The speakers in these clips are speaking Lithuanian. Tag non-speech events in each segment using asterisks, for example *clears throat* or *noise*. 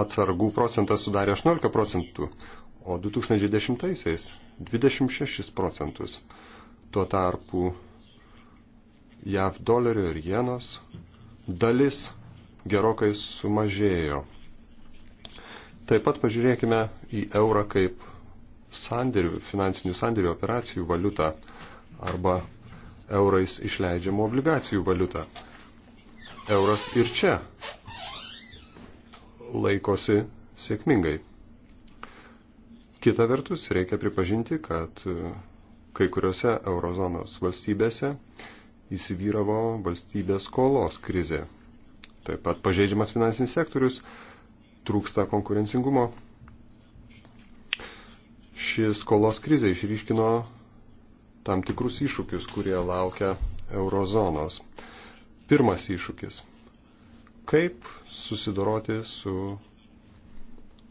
atsargų procentas sudarė 18 procentų, o 2010-aisiais 26 procentus. Tuo tarpu JAV dolerio ir jenos dalis gerokai sumažėjo. Taip pat pažiūrėkime į eurą kaip sandėrių, finansinių sandėrių operacijų valiutą arba eurais išleidžiamų obligacijų valiutą. Euras ir čia laikosi sėkmingai. Kita vertus, reikia pripažinti, kad e, kai kuriuose eurozonos valstybėse įsivyravo valstybės skolos krizė. Taip pat pažeidžiamas finansinis sektorius, trūksta konkurencingumo. Ši skolos krizė išryškino tam tikrus iššūkius, kurie laukia eurozonos. Pirmas iššūkis. Kaip susidoroti su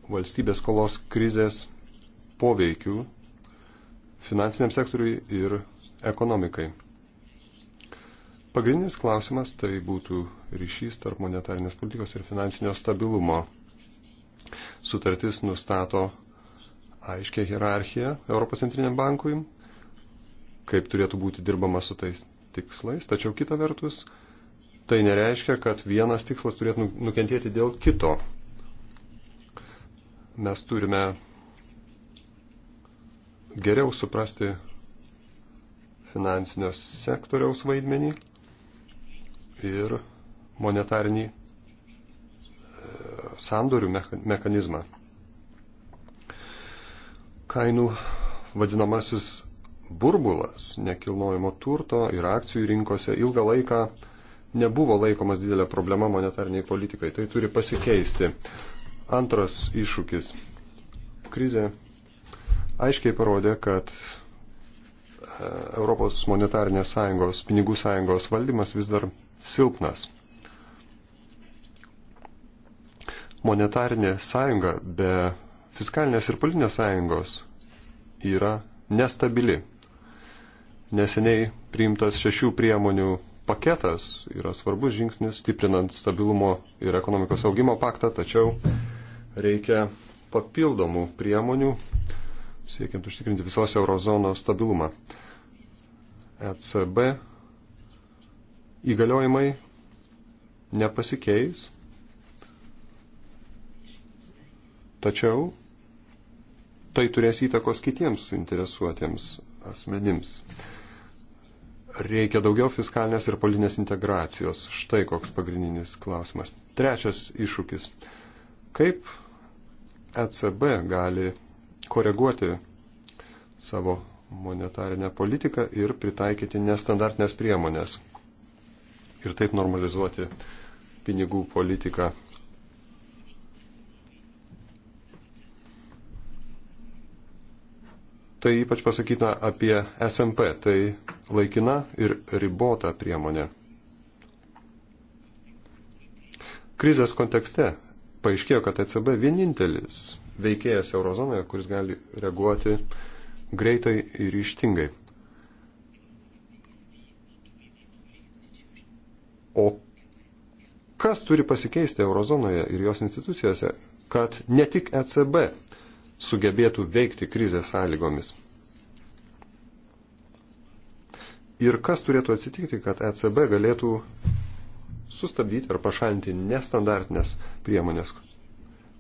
valstybės kolos krizės poveikiu finansiniam sektoriui ir ekonomikai. Pagrindinis klausimas tai būtų ryšys tarp monetarinės politikos ir finansinio stabilumo. Sutartis nustato aiškę hierarchiją Europos centriniam bankui, kaip turėtų būti dirbama su tais tikslais, tačiau kita vertus tai nereiškia, kad vienas tikslas turėtų nu- nukentėti dėl kito. Mes turime geriau suprasti finansinio sektoriaus vaidmenį ir monetarinį e, sandorių mechanizmą. Kainų vadinamasis burbulas nekilnojimo turto ir akcijų rinkose ilgą laiką nebuvo laikomas didelė problema monetariniai politikai. Tai turi pasikeisti. Antras iššūkis. Krizė aiškiai parodė, kad e, Europos monetarinės sąjungos, pinigų sąjungos valdymas vis dar silpnas. Monetarinė sąjunga be fiskalinės ir politinės sąjungos yra nestabili. Neseniai priimtas šešių priemonių paketas yra svarbus žingsnis stiprinant stabilumo ir ekonomikos augimo paktą, tačiau reikia papildomų priemonių siekiant užtikrinti visos eurozonos stabilumą. ECB įgaliojimai nepasikeis, tačiau tai turės įtakos kitiems suinteresuotiems asmenims reikia daugiau fiskalinės ir politinės integracijos. Štai koks pagrindinis klausimas. Trečias iššūkis. Kaip ECB gali koreguoti savo monetarinę politiką ir pritaikyti nestandartinės priemonės ir taip normalizuoti pinigų politiką Tai ypač pasakytina apie SMP, tai laikina ir ribota priemonė. Krizės kontekste paaiškėjo, kad ECB vienintelis veikėjas eurozonoje, kuris gali reaguoti greitai ir ištingai. O kas turi pasikeisti eurozonoje ir jos institucijose, kad ne tik ECB sugebėtų veikti krizės sąlygomis. Ir kas turėtų atsitikti, kad ECB galėtų sustabdyti ar pašalinti nestandartinės priemonės,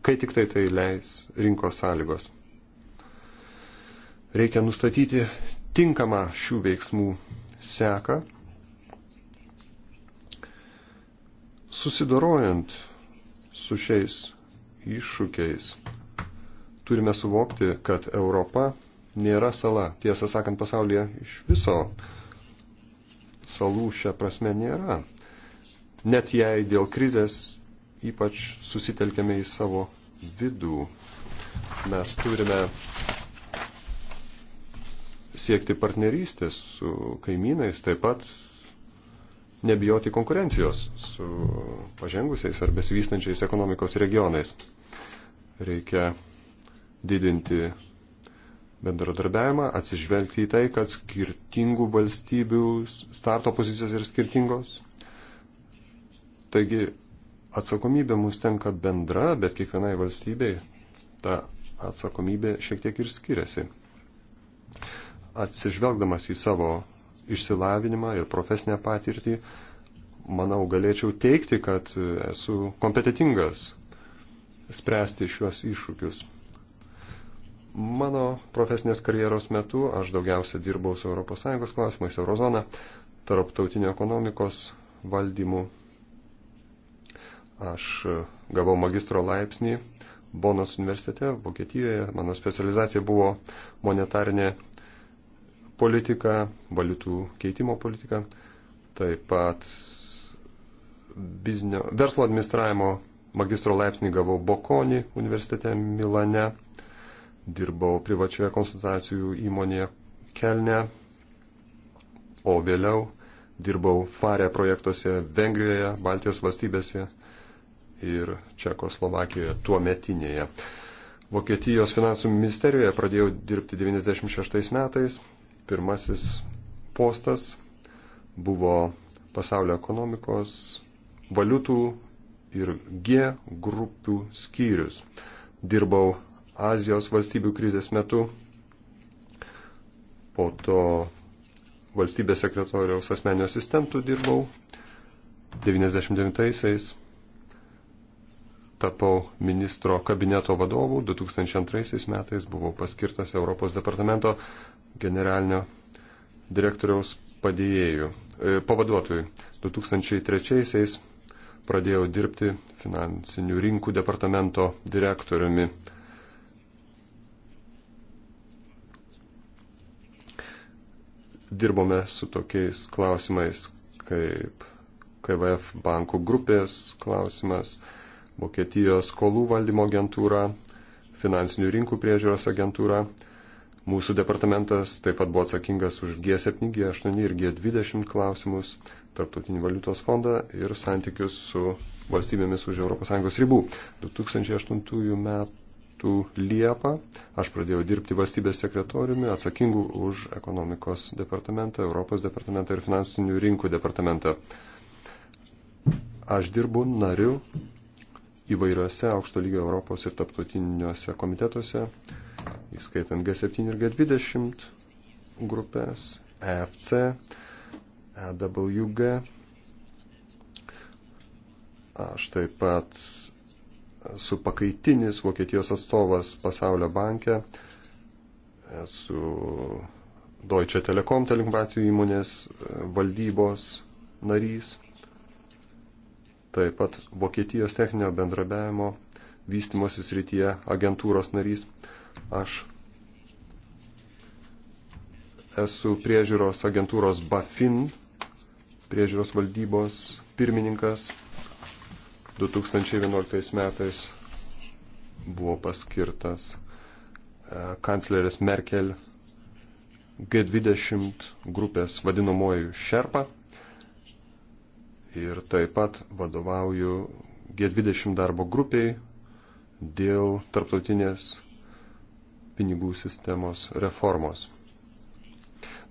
kai tik tai tai leis rinkos sąlygos. Reikia nustatyti tinkamą šių veiksmų seką, susidorojant su šiais iššūkiais Turime suvokti, kad Europa nėra sala. Tiesą sakant, pasaulyje iš viso salų šią prasme nėra. Net jei dėl krizės ypač susitelkėme į savo vidų, mes turime siekti partnerystės su kaimynais, taip pat nebijoti konkurencijos su pažengusiais ar besivystančiais ekonomikos regionais. Reikia didinti bendradarbiavimą, atsižvelgti į tai, kad skirtingų valstybių starto pozicijos yra skirtingos. Taigi atsakomybė mums tenka bendra, bet kiekvienai valstybei ta atsakomybė šiek tiek ir skiriasi. Atsižvelgdamas į savo išsilavinimą ir profesinę patirtį, manau, galėčiau teikti, kad esu kompetitingas spręsti šiuos iššūkius. Mano profesinės karjeros metu aš daugiausia dirbau su ES klausimais, eurozona, tarptautinio ekonomikos valdymu. Aš e, gavau magistro laipsnį Bonos universitete Vokietijoje. Mano specializacija buvo monetarinė politika, valiutų keitimo politika, taip pat biznio, verslo administravimo magistro laipsnį gavau Bokoni universitete Milane dirbau privačioje konsultacijų įmonėje Kelne, o vėliau dirbau Fare projektuose Vengrijoje, Baltijos valstybėse ir Čekoslovakijoje tuo metinėje. Vokietijos finansų ministerijoje pradėjau dirbti 96 metais. Pirmasis postas buvo pasaulio ekonomikos, valiutų ir G grupių skyrius. Dirbau Azijos valstybių krizės metu, po to valstybės sekretoriaus asmenio asistentų dirbau 99-aisiais, tapau ministro kabineto vadovu, 2002 metais buvau paskirtas Europos departamento generalinio direktoriaus padėjėjų, e, pavaduotojui. 2003-aisiais pradėjau dirbti finansinių rinkų departamento direktoriumi dirbome su tokiais klausimais kaip KVF bankų grupės klausimas, Vokietijos skolų valdymo agentūra, finansinių rinkų priežiūros agentūra. Mūsų departamentas taip pat buvo atsakingas už G7, G8 ir G20 klausimus, Tarptautinį valiutos fondą ir santykius su valstybėmis už ES ribų. 2008 m. Liepą. Aš pradėjau dirbti valstybės sekretoriumi, atsakingu už ekonomikos departamentą, Europos departamentą ir finansinių rinkų departamentą. Aš dirbu nariu įvairiuose aukšto lygio Europos ir taptautiniuose komitetuose, įskaitant G7 ir G20 grupės, EFC, EWG. Aš taip pat esu pakaitinis Vokietijos atstovas pasaulio banke, esu Deutsche Telekom telekomunikacijų įmonės e, valdybos narys, taip pat Vokietijos techninio bendrabiavimo vystimosi srityje agentūros narys. Aš esu priežiūros agentūros BAFIN, priežiūros valdybos pirmininkas, 2011 metais buvo paskirtas e, kanclerės Merkel G20 grupės vadinamoji Šerpa ir taip pat vadovauju G20 darbo grupiai dėl tarptautinės pinigų sistemos reformos.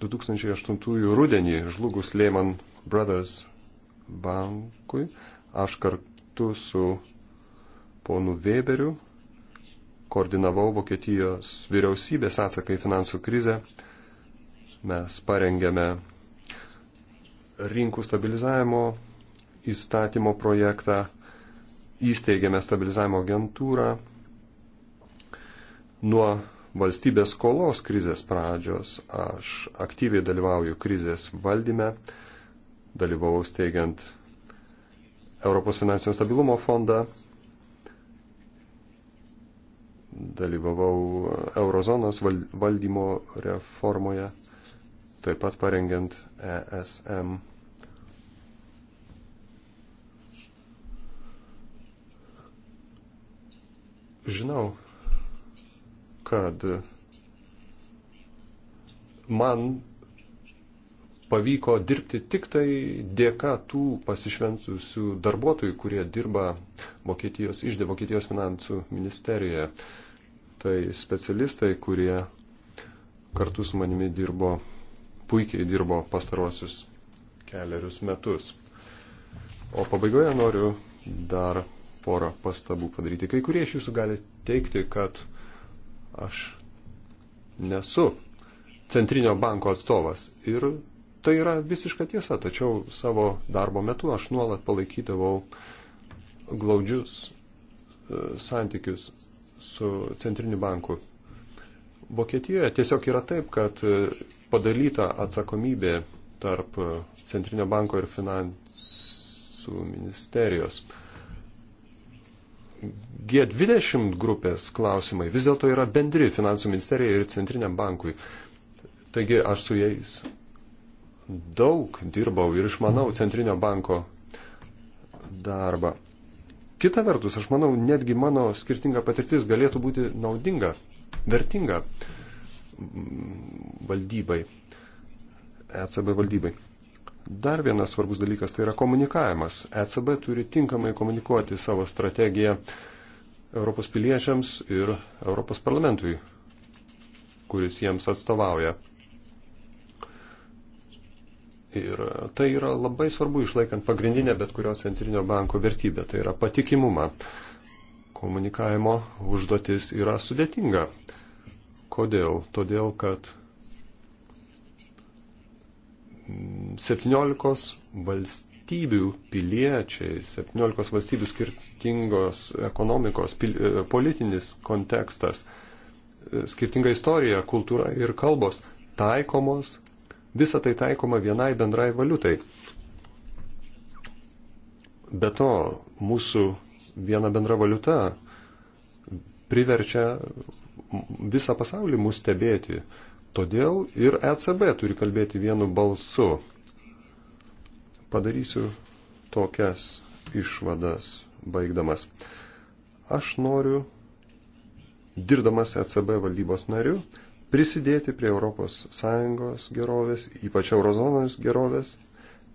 2008 rudenį žlugus Lehman Brothers bankui, aš kar kartu su ponu Weberiu koordinavau Vokietijos vyriausybės atsaką į finansų krizę. Mes parengėme rinkų stabilizavimo įstatymo projektą, įsteigėme stabilizavimo agentūrą. Nuo valstybės skolos krizės pradžios aš aktyviai dalyvauju krizės valdyme, dalyvavau steigiant Europos finansinio stabilumo fondą, dalyvavau eurozonos valdymo reformoje, taip pat parengiant ESM. Žinau, kad man pavyko dirbti tik tai dėka tų pasišventusių darbuotojų, kurie dirba Vokietijos išdė Vokietijos finansų ministerijoje. Tai specialistai, kurie kartu su manimi dirbo, puikiai dirbo pastarosius keliarius metus. O pabaigoje noriu dar porą pastabų padaryti. Kai kurie iš jūsų gali teikti, kad aš nesu centrinio banko atstovas ir Tai yra visiška tiesa, tačiau savo darbo metu aš nuolat palaikydavau glaudžius e, santykius su centriniu banku. Vokietijoje tiesiog yra taip, kad e, padalyta atsakomybė tarp e, Centrinio banko ir finansų ministerijos. G20 grupės klausimai vis dėlto yra bendri finansų ministerijai ir Centriniam bankui. Taigi aš su jais daug dirbau ir išmanau Centrinio banko darbą. Kita vertus, aš manau, netgi mano skirtinga patirtis galėtų būti naudinga, vertinga valdybai, ECB valdybai. Dar vienas svarbus dalykas tai yra komunikavimas. ECB turi tinkamai komunikuoti savo strategiją Europos piliečiams ir Europos parlamentui, kuris jiems atstovauja. Ir tai yra labai svarbu išlaikant pagrindinę bet kurio centrinio banko vertybę, tai yra patikimumą. Komunikavimo užduotis yra sudėtinga. Kodėl? Todėl, kad 17 valstybių piliečiai, 17 valstybių skirtingos ekonomikos, pil, e, politinis kontekstas, e, skirtinga istorija, kultūra ir kalbos taikomos Visa tai taikoma vienai bendrai valiutai. Be to, mūsų viena bendra valiuta priverčia visą pasaulį mus stebėti. Todėl ir ECB turi kalbėti vienu balsu. Padarysiu tokias išvadas baigdamas. Aš noriu, dirbdamas ECB valdybos nariu, prisidėti prie ES gerovės, ypač eurozonos gerovės,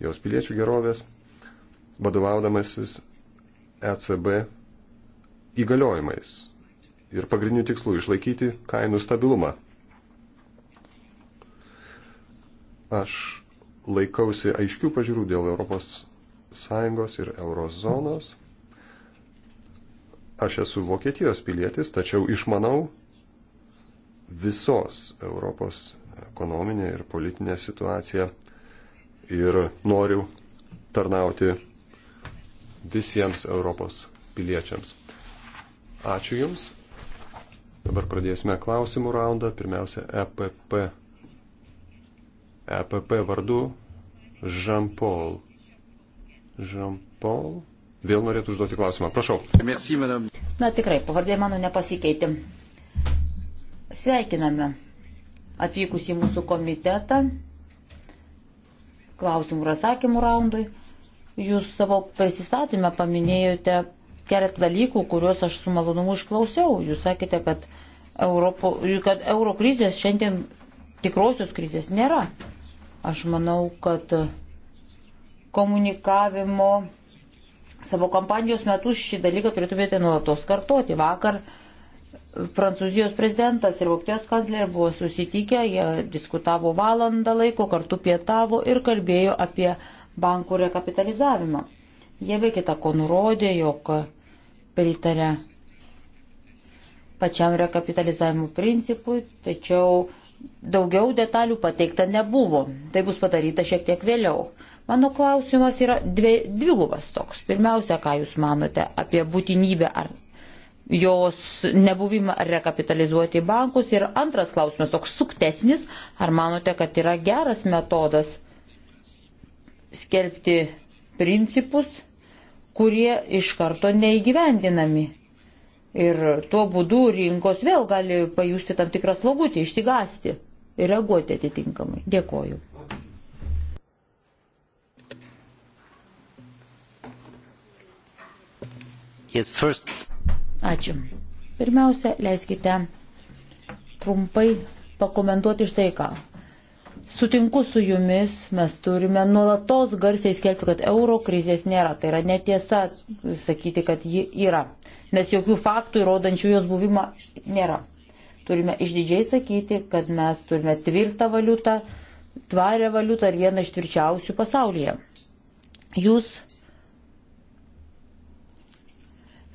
jos piliečių gerovės, vadovaudamasis ECB įgaliojimais ir pagrindiniu tikslu išlaikyti kainų stabilumą. Aš laikausi aiškių pažiūrų dėl ES ir eurozonos. Aš esu Vokietijos pilietis, tačiau išmanau visos Europos ekonominę ir politinę situaciją ir noriu tarnauti visiems Europos piliečiams. Ačiū Jums. Dabar pradėsime klausimų raundą. Pirmiausia, EPP. EPP vardu Jean-Paul. Jean-Paul. Vėl norėtų užduoti klausimą. Prašau. Na tikrai, pavardė mano nepasikeitė. Sveikiname atvykus į mūsų komitetą klausimų ir atsakymų raundui. Jūs savo prisistatymę paminėjote keletą dalykų, kuriuos aš su malonumu išklausiau. Jūs sakėte, kad, Europo, kad euro krizės šiandien tikrosios krizės nėra. Aš manau, kad komunikavimo savo kampanijos metu šį dalyką turėtumėte nuolatos kartoti. Vakar uh, Prancūzijos prezidentas ir Vokietijos kanclerė buvo susitikę, jie diskutavo valandą laiko, kartu pietavo ir kalbėjo apie bankų rekapitalizavimą. Jie be kita ko nurodė, jog pritarė pačiam rekapitalizavimo principui, tačiau daugiau detalių pateikta nebuvo. Tai bus padaryta šiek tiek vėliau. Mano klausimas yra dvi, dvigubas toks. Pirmiausia, ką Jūs manote apie būtinybę ar jos nebuvimą rekapitalizuoti į bankus. Ir antras klausimas, toks suktesnis, ar manote, kad yra geras metodas skelbti principus, kurie iš karto neįgyvendinami. Ir tuo būdu rinkos vėl gali pajusti tam tikrą slogutį, išsigasti ir reaguoti atitinkamai. Dėkoju. Yes, first. Ačiū. Pirmiausia, leiskite trumpai pakomentuoti štai ką. Sutinku su jumis, mes turime nuolatos garsiai skelbti, kad euro krizės nėra. Tai yra netiesa sakyti, kad ji yra, nes jokių faktų įrodančių jos buvimą nėra. Turime išdidžiai sakyti, kad mes turime tvirtą valiutą, tvarę valiutą ir vieną iš tvirčiausių pasaulyje. Jūs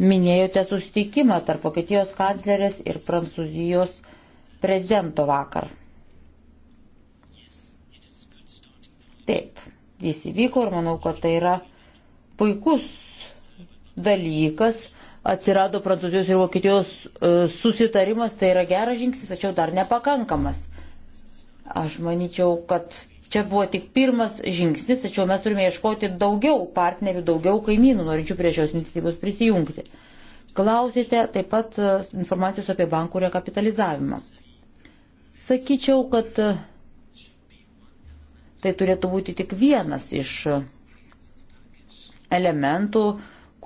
Minėjote susitikimą tarp Vokietijos kanclerės ir Prancūzijos prezidento vakar. Taip, jis įvyko ir manau, kad tai yra puikus dalykas. Atsirado Prancūzijos ir Vokietijos e, susitarimas, tai yra geras žingsnis, tačiau dar nepakankamas. Aš manyčiau, kad Čia buvo tik pirmas žingsnis, tačiau mes turime ieškoti daugiau partnerių, daugiau kaimynų, norinčių prie šios iniciatyvos prisijungti. Klausėte taip pat e, informacijos apie bankų rekapitalizavimą. Sakyčiau, kad e, tai turėtų būti tik vienas iš e, elementų,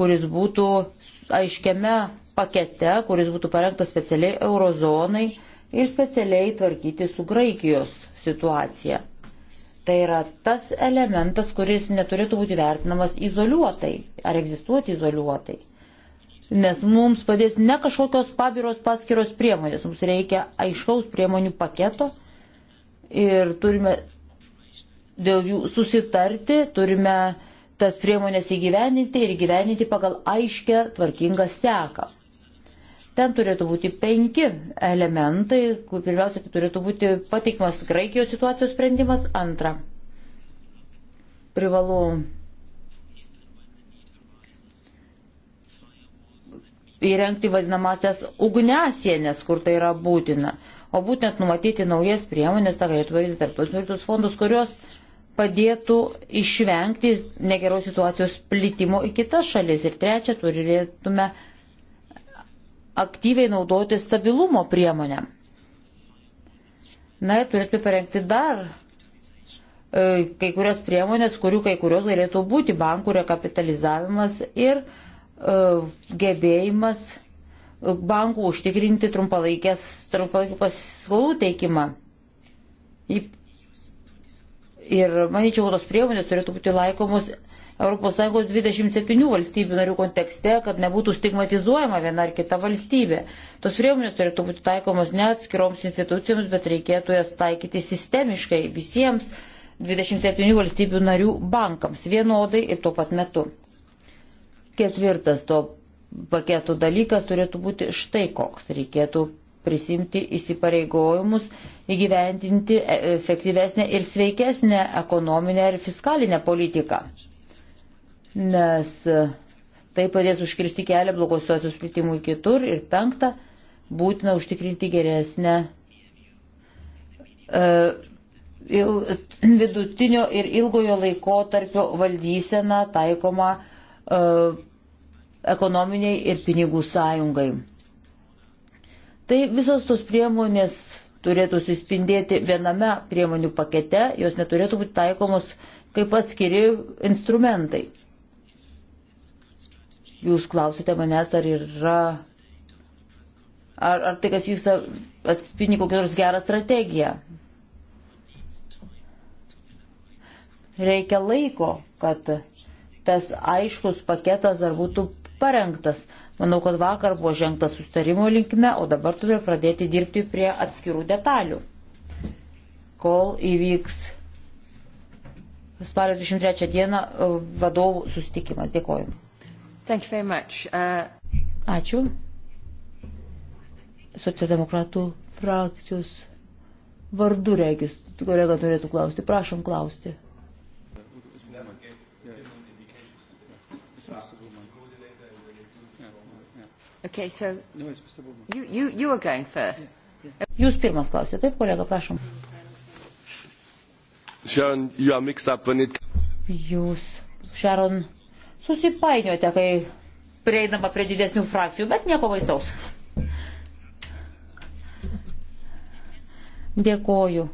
kuris būtų aiškiame pakete, kuris būtų parengtas specialiai eurozonai ir specialiai tvarkyti su Graikijos situacija. Tai yra tas elementas, kuris neturėtų būti vertinamas izoliuotai ar egzistuoti izoliuotai. Nes mums padės ne kažkokios pabiros paskiros priemonės, mums reikia aiškaus priemonių paketo ir turime dėl jų susitarti, turime tas priemonės įgyveninti ir įgyveninti pagal aiškę tvarkingą seką. Ten turėtų būti penki elementai. Pirmiausia, tai turėtų būti pateikimas Graikijos situacijos sprendimas. Antra, privalu įrengti vadinamasias ugnesienės, kur tai yra būtina. O būtent numatyti naujas priemonės, tą galėtų varyti tarptautinius fondus, kurios padėtų išvengti negeros situacijos plitimo į kitas šalis. Ir trečia, turėtume aktyviai naudoti stabilumo priemonę. Na ir turėtume parengti dar e, kai kurios priemonės, kurių kai kurios galėtų būti bankų rekapitalizavimas ir e, gebėjimas e, bankų užtikrinti trumpalaikės, trumpalaikų paskolų teikimą. Ir manyčiau, tos priemonės turėtų būti laikomos ES 27 valstybių narių kontekste, kad nebūtų stigmatizuojama viena ar kita valstybė. Tos priemonės turėtų būti taikomos ne atskiroms institucijoms, bet reikėtų jas taikyti sistemiškai visiems 27 valstybių narių bankams vienodai ir tuo pat metu. Ketvirtas to paketo dalykas turėtų būti štai koks. Reikėtų prisimti įsipareigojimus įgyventinti e, efektyvesnę ir sveikesnę ekonominę ir fiskalinę politiką nes e, tai padės užkirsti kelią blogosios splitimui kitur. Ir penkta, būtina užtikrinti geresnę uh, vidutinio ir ilgojo laiko tarpio valdyseną taikomą uh, ekonominiai ir pinigų sąjungai. Tai visos tos priemonės turėtų suspindėti viename priemonių pakete, jos neturėtų būti taikomos kaip atskiri instrumentai. Jūs klausite manęs, ar yra. Ar, ar tai, kas vyksta, atspindi kokią nors gerą strategiją. Reikia laiko, kad tas aiškus paketas dar būtų parengtas. Manau, kad vakar buvo žengtas sustarimo linkme, o dabar turime pradėti dirbti prie atskirų detalių. Kol įvyks spalio 23 dieną e, vadovų susitikimas. Dėkoju. Thank you very much. Uh... Ačiū. Socialdemokratų frakcijos vardu regis, kolega turėtų klausti. Prašom klausti. Okay, so you, you, you are going first. Jūs pirmas klausėte, taip, kolega, prašom. Sharon, you are mixed up when it... Jūs, Sharon, susipainiote, kai prieinama prie didesnių frakcijų, bet nieko baisaus. Dėkoju.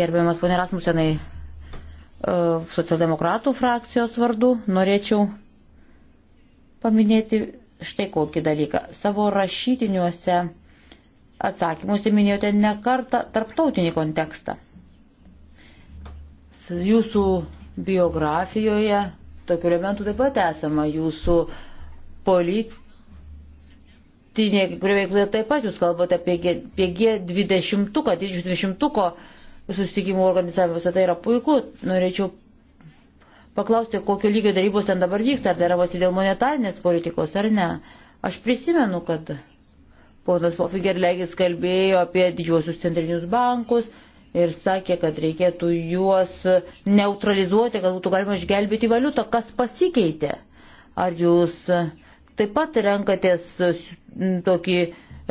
Gerbiamas ponė Rasmusenai, e, socialdemokratų frakcijos vardu norėčiau paminėti štai kokį dalyką. Savo rašytiniuose atsakymuose minėjote ne kartą tarptautinį kontekstą. Jūsų biografijoje Tokių elementų taip pat esama jūsų politinė, kurio veikloje taip pat jūs kalbate apie, apie G20, didžiųjų 20 susitikimų organizavimą, visą tai yra puiku. Norėčiau paklausti, kokio lygio darybos ten dabar vyksta, ar deravasi dėl monetarnės politikos ar ne. Aš prisimenu, kad ponas Pofigerlegis kalbėjo apie didžiuosius centrinius bankus, ir sakė, kad reikėtų juos neutralizuoti, kad būtų galima išgelbėti valiutą. Kas pasikeitė? Ar jūs taip pat renkatės tokį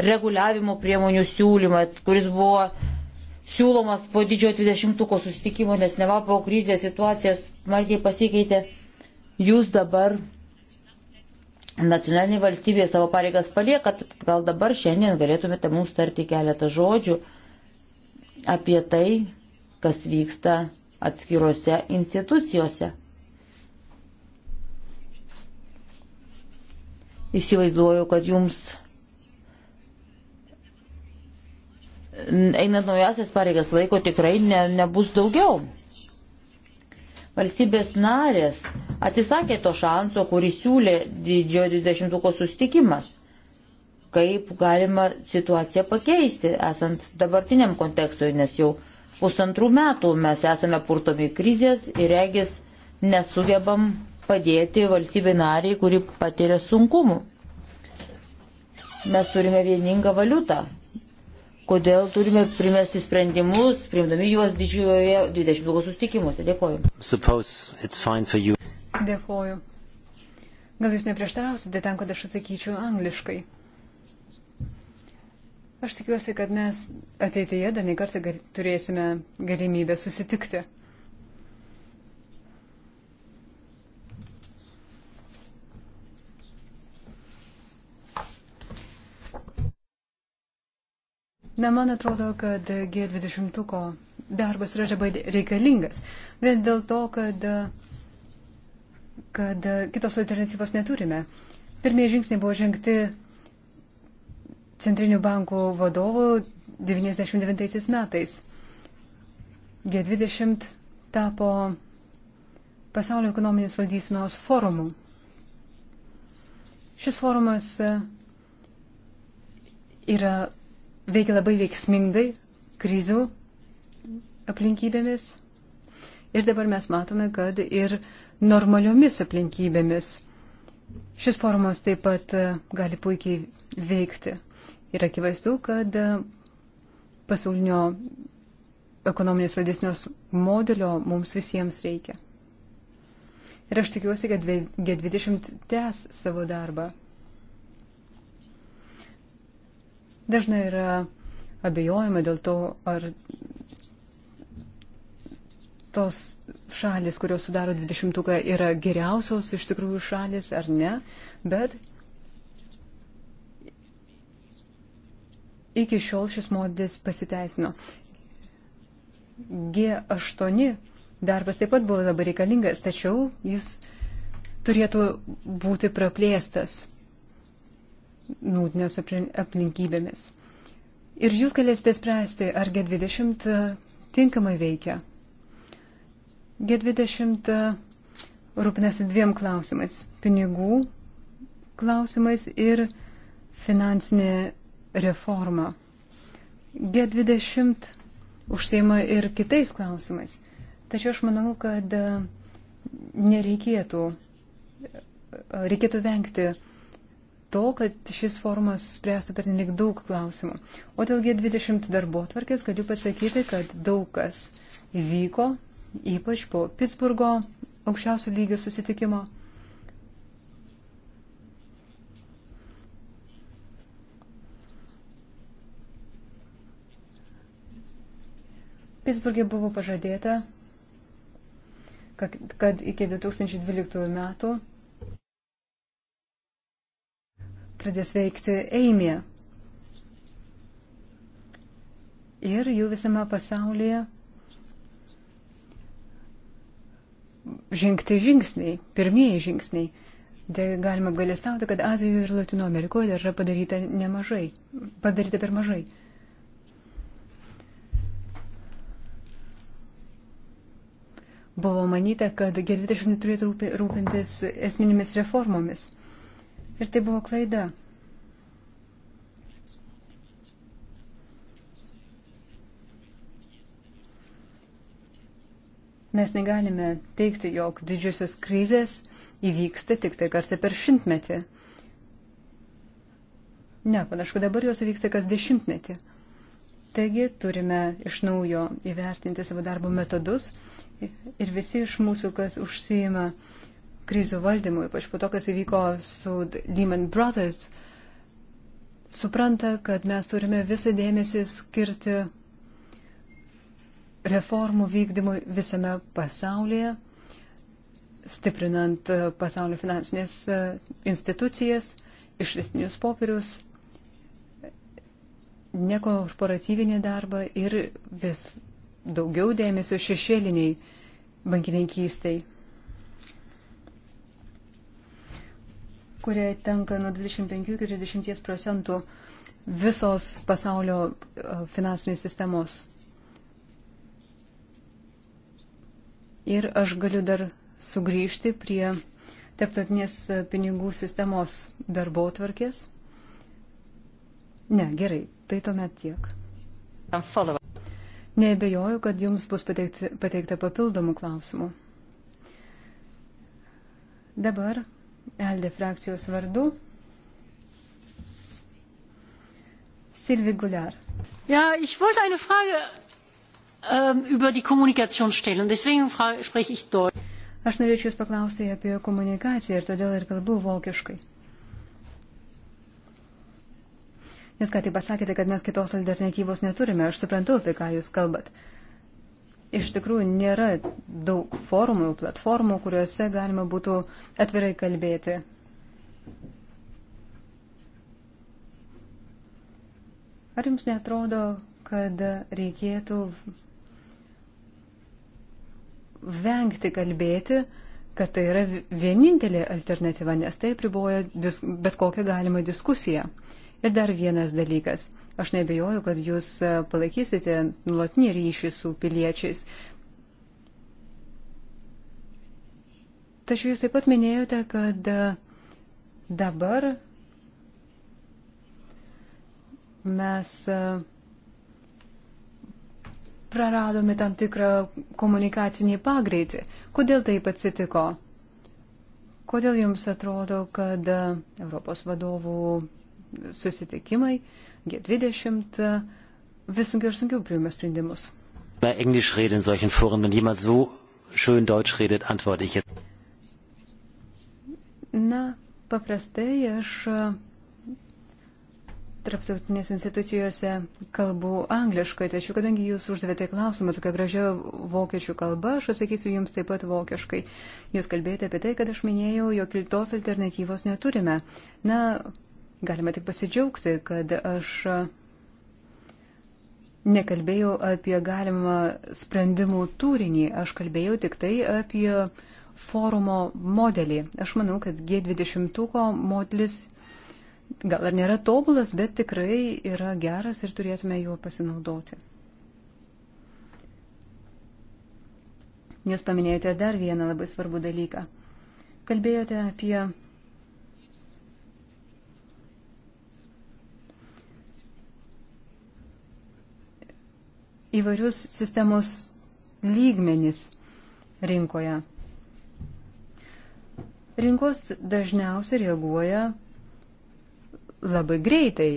reguliavimo priemonių siūlymą, kuris buvo siūlomas po didžiojo 20-ko susitikimo, nes neva po krizės situacijas smarkiai pasikeitė. Jūs dabar nacionalinė valstybė savo pareigas paliekat, gal dabar šiandien galėtumėte mums tarti keletą žodžių apie tai, kas vyksta atskirose institucijose. Įsivaizduoju, kad jums einant naujasias pareigas laiko tikrai ne, nebus daugiau. Valstybės narės atsisakė to šanso, kurį siūlė didžiojo 20-ko sustikimas kaip galima situaciją pakeisti, esant dabartiniam kontekstui, nes jau pusantrų metų mes esame purtomi krizės ir regis nesugebam padėti valstybei nariai, kuri patiria sunkumų. Mes turime vieningą valiutą. Kodėl turime primesti sprendimus, priimdami juos didžiojoje 20 sustikimuose? Dėkoju. Dėkoju. Gal jūs neprieštarausite tam, kad aš atsakyčiau angliškai? Aš tikiuosi, kad mes ateityje dar ne kartą gal, turėsime galimybę susitikti. Na, man atrodo, kad G20 darbas yra labai reikalingas. Vien dėl to, kad, kad kitos alternatyvos neturime. Pirmieji žingsniai buvo žengti centrinių bankų vadovų 99 metais. G20 tapo pasaulio ekonominės valdysenos forumu. Šis forumas e, yra veikia labai veiksmingai krizių aplinkybėmis. Ir dabar mes matome, kad ir normaliomis aplinkybėmis šis forumas taip pat e, gali puikiai veikti. Ir akivaizdu, kad pasaulinio ekonominės valdysnios modelio mums visiems reikia. Ir aš tikiuosi, kad G20 tęs savo darbą. Dažnai yra abejojama dėl to, ar tos šalis, kurios sudaro 20-uką, yra geriausios iš tikrųjų šalis ar ne, bet iki šiol šis modelis pasiteisino. G8 darbas taip pat buvo labai reikalingas, tačiau jis turėtų būti praplėstas nūdinės aplinkybėmis. Ir jūs galėsite spręsti, ar G20 tinkamai veikia. G20 rūpinasi dviem klausimais - pinigų klausimais ir finansinė reformą. G20 užsieima ir kitais klausimais. Tačiau aš manau, kad e, nereikėtų, e, reikėtų vengti to, kad šis forumas spręstų per nelik daug klausimų. O dėl G20 darbo tvarkės galiu pasakyti, kad daug kas vyko, ypač po Pittsburgo aukščiausių lygio susitikimo. Pittsburghė buvo pažadėta, kad iki 2012 metų pradės veikti Eimė. Ir jų visame pasaulyje žengti žingsniai, pirmieji žingsniai. Tai galima apgalėstauti, kad Azijoje ir Latino Amerikoje dar yra padaryta nemažai, padaryta per mažai. buvo manyta, kad G20 turėtų rūpintis esminėmis reformomis. Ir tai buvo klaida. Mes negalime teikti, jog didžiosios krizės įvyksta tik tai kartą per šimtmetį. Ne, panašu, dabar jos vyksta kas dešimtmetį. Taigi turime iš naujo įvertinti savo darbo metodus ir visi iš mūsų, kas užsijima krizių valdymu, ypač po to, kas įvyko su Lehman Brothers, supranta, kad mes turime visą dėmesį skirti reformų vykdymui visame pasaulyje, stiprinant e, pasaulio finansinės e, institucijas, išlistinius popierius, nekorporatyvinį darbą ir vis daugiau dėmesio šešėliniai bankininkystai, kuriai tenka nuo 25 iki 30 procentų visos pasaulio finansinės sistemos. Ir aš galiu dar sugrįžti prie tarptautinės pinigų sistemos darbo tvarkės. Ne, gerai, tai tuomet tiek. Follow Nebejoju, kad jums bus pateikti, pateikta papildomų klausimų. Dabar Elde frakcijos vardu Silvi Gular. Ja, ich wollte eine Frage ähm, über die Kommunikation stellen. Deswegen spreche ich Deutsch. Aš norėčiau Jūs paklausti apie komunikaciją ir todėl ir kalbu vokiškai. Jūs ką tik pasakėte, kad mes kitos alternatyvos neturime. Aš suprantu, apie ką jūs kalbat. Iš tikrųjų, nėra daug forumų, platformų, kuriuose galima būtų atvirai kalbėti. Ar jums netrodo, kad reikėtų vengti kalbėti, kad tai yra vienintelė alternatyva, nes tai priboja bet kokią galimą diskusiją. Ir dar vienas dalykas. Aš nebejoju, kad jūs e, palaikysite nuolatinį ryšį su piliečiais. Tačiau jūs taip pat minėjote, kad e, dabar mes e, praradome tam tikrą komunikacinį pagreitį. Kodėl taip atsitiko? Kodėl jums atrodo, kad Europos vadovų susitikimai, G20, vis sunkiau ir sunkiau priimame sprendimus. Bei Englisch rede in solchen Foren, wenn jemand so schön Deutsch redet, antworte ich jetzt. Na, paprastai aš Tarptautinės institucijose kalbu angliškai, tačiau kadangi jūs uždavėte klausimą tokia gražia vokiečių kalba, aš atsakysiu jums taip pat vokiškai. Jūs kalbėjote apie tai, kad aš minėjau, jog kitos alternatyvos neturime. Na, Galime tik pasidžiaugti, kad aš nekalbėjau apie galimą sprendimų turinį, aš kalbėjau tik tai apie forumo modelį. Aš manau, kad G20 modelis gal ir nėra tobulas, bet tikrai yra geras ir turėtume juo pasinaudoti. Jūs paminėjote dar vieną labai svarbų dalyką. Kalbėjote apie įvairius sistemos lygmenis rinkoje. Rinkos dažniausiai reaguoja labai greitai,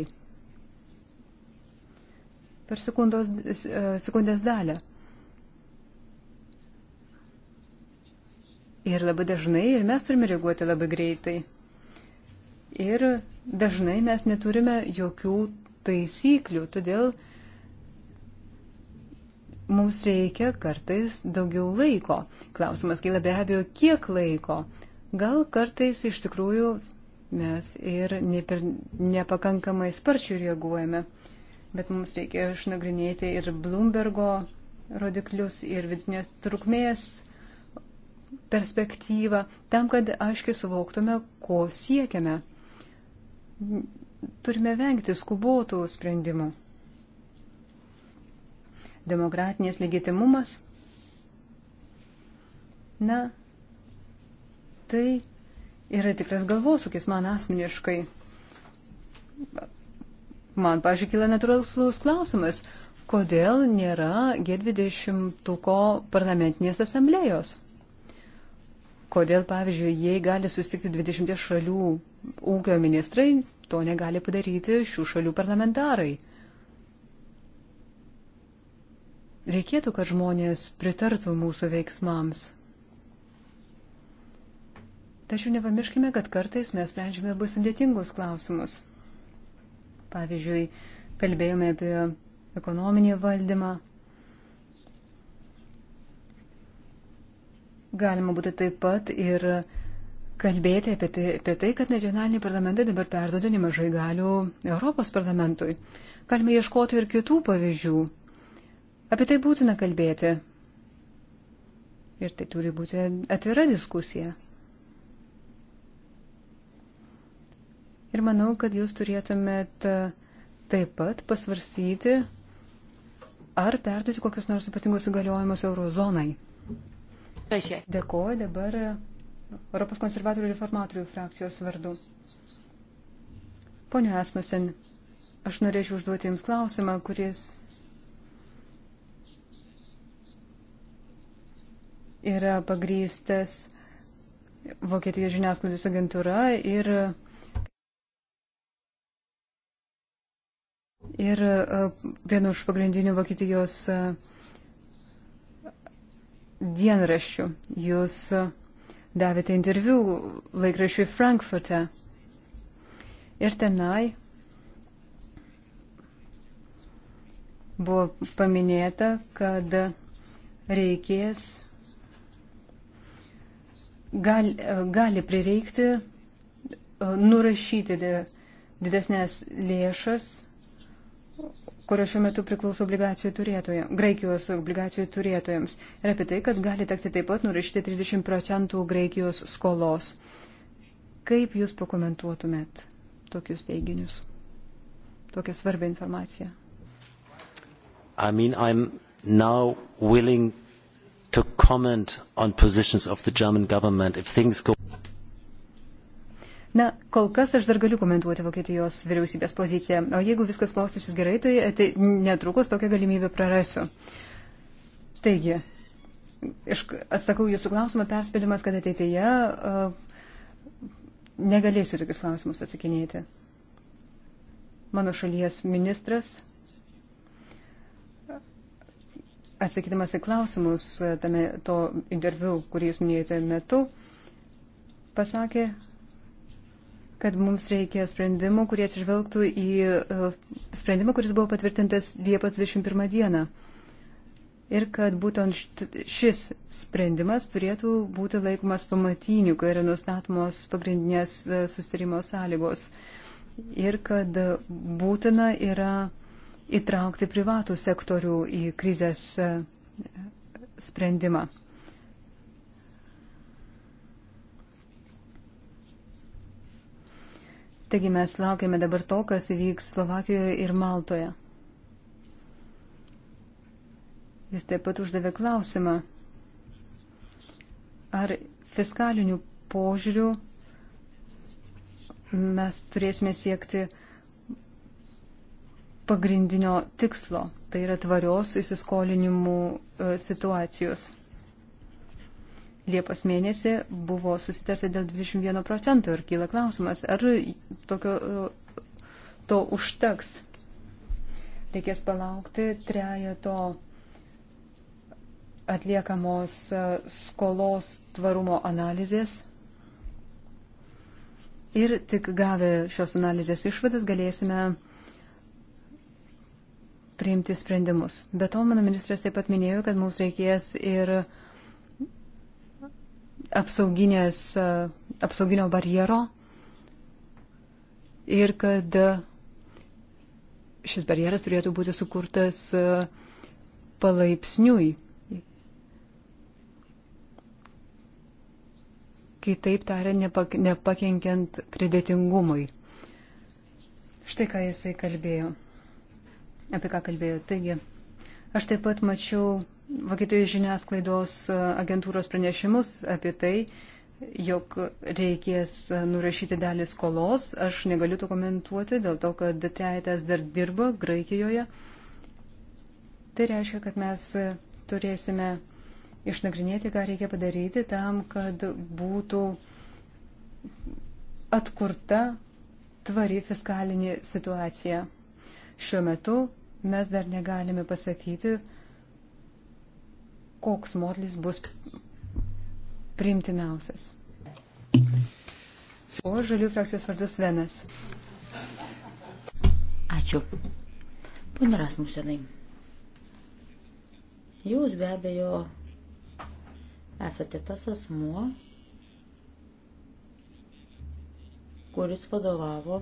per sekundos, sekundės dalę. Ir labai dažnai ir mes turime reaguoti labai greitai. Ir dažnai mes neturime jokių taisyklių, todėl uh, mums reikia kartais daugiau laiko. Klausimas kyla be abejo, kiek laiko. Gal kartais iš tikrųjų mes ir ne per, nepakankamai sparčiai reaguojame, bet mums reikia išnagrinėti ir Bloombergo rodiklius, ir vidinės trukmės perspektyvą, tam, kad aiškiai suvoktume, ko siekiame. Turime vengti skubotų sprendimų demokratinės legitimumas, na, tai yra tikras galvosūkis man asmeniškai. Man, pažiūrėk, kyla natūralus klausimas, kodėl nėra G20 parlamentinės asamblėjos? Kodėl, pavyzdžiui, jei gali sustikti 20 šalių ūkio ministrai, to negali padaryti šių šalių parlamentarai? Reikėtų, kad žmonės pritartų mūsų veiksmams. Tačiau nepamirškime, kad kartais mes sprendžiame labai sudėtingus klausimus. Pavyzdžiui, kalbėjome apie ekonominį valdymą. Galima būtų taip pat ir kalbėti apie tai, apie tai kad nacionaliniai parlamentai dabar perduoda nemažai galių Europos parlamentui. Galime ieškoti ir kitų pavyzdžių. Apie tai būtina kalbėti. Ir tai turi būti atvira diskusija. Ir manau, kad jūs turėtumėt e, taip pat pasvarstyti, ar perduoti kokius nors ypatingus įgaliojimus eurozonai. Dėkuoju dabar Europos konservatorių reformatorių frakcijos vardu. Pone Asmusen, aš norėčiau užduoti Jums klausimą, kuris yra pagrystas Vokietijos žiniasklaidos agentūra ir, ir e, vienu iš pagrindinių Vokietijos e, dienraščių. Jūs e, davėte interviu laikrašiui Frankfurte. Ir tenai buvo paminėta, kad reikės gal, e, gali prireikti e, nurašyti didesnės lėšas, kurios šiuo metu priklauso obligacijų turėtojams, Graikijos obligacijų turėtojams. Ir apie tai, kad gali tekti taip pat nurašyti 30 procentų Graikijos skolos. Kaip Jūs pakomentuotumėt tokius teiginius, tokią svarbią informaciją? I mean, I'm now willing to comment on positions of the German government if things go. Na, kol kas aš dar galiu komentuoti Vokietijos vyriausybės poziciją, o jeigu viskas klostysis gerai, tai, tai netrukus tokią galimybę prarasiu. Taigi, atsakau jūsų klausimą, perspėdamas, kad ateityje uh, negalėsiu tokius klausimus atsakinėti. Mano šalies ministras atsakydamas į klausimus e, tame to interviu, kurį jūs minėjote metu, pasakė, kad mums reikia sprendimų, kurie atsižvelgtų į e, sprendimą, kuris buvo patvirtintas Diepo 21 dieną. Ir kad būtent šis sprendimas turėtų būti laikomas pamatiniu, kai yra nustatomos pagrindinės e, sustarimo sąlygos. Ir kad būtina yra įtraukti privatų sektorių į krizės e, sprendimą. Taigi mes laukiame dabar to, kas įvyks Slovakijoje ir Maltoje. Jis taip pat uždavė klausimą, ar fiskalinių požiūrių mes turėsime siekti uh, pagrindinio tikslo, tai yra tvarios įsiskolinimų e, situacijos. Liepos mėnesį buvo susitarta dėl 21 procentų ir kyla klausimas, ar tokio, e, to užteks. Reikės palaukti trejato atliekamos e, skolos tvarumo analizės. Ir tik gavę šios analizės išvadas galėsime uh, priimti sprendimus. Be to, mano ministras taip pat minėjo, kad mums reikės ir apsauginio barjero ir kad šis barjeras turėtų būti sukurtas palaipsniui. Kitaip tariant, nepakenkiant kreditingumui. Štai ką jisai kalbėjo apie ką kalbėjau. Taigi, aš taip pat mačiau Vokietijos žiniasklaidos e, agentūros pranešimus apie tai, jog reikės e, nurašyti dalį skolos. Aš negaliu to komentuoti dėl to, kad trejetas dar dirba Graikijoje. Tai reiškia, kad mes e, turėsime išnagrinėti, ką reikia padaryti tam, kad būtų atkurta tvari fiskalinė situacija. Šiuo metu mes dar negalime pasakyti, koks modelis bus priimtimiausias. O žalių frakcijos vardus Venas. Ačiū. Pone Rasmusenai, jūs be abejo esate tas asmuo, kuris vadovavo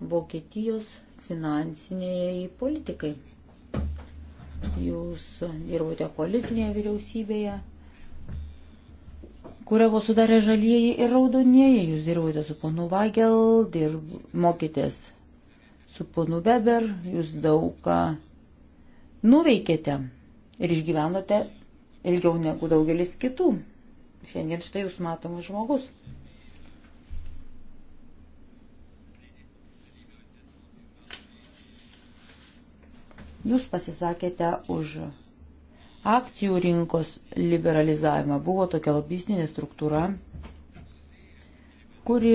Vokietijos finansiniai politikai. Jūs dirbote koalicinėje vyriausybėje, kurią buvo sudarę žalieji ir raudonieji. Jūs dirbote su ponu Vagel, dirb, mokytės su ponu Weber, jūs daug ką nuveikėte ir išgyvenote ilgiau negu daugelis kitų. Šiandien štai jūs matomas žmogus. Jūs pasisakėte už akcijų rinkos liberalizavimą. Buvo tokia lobistinė struktūra, kuri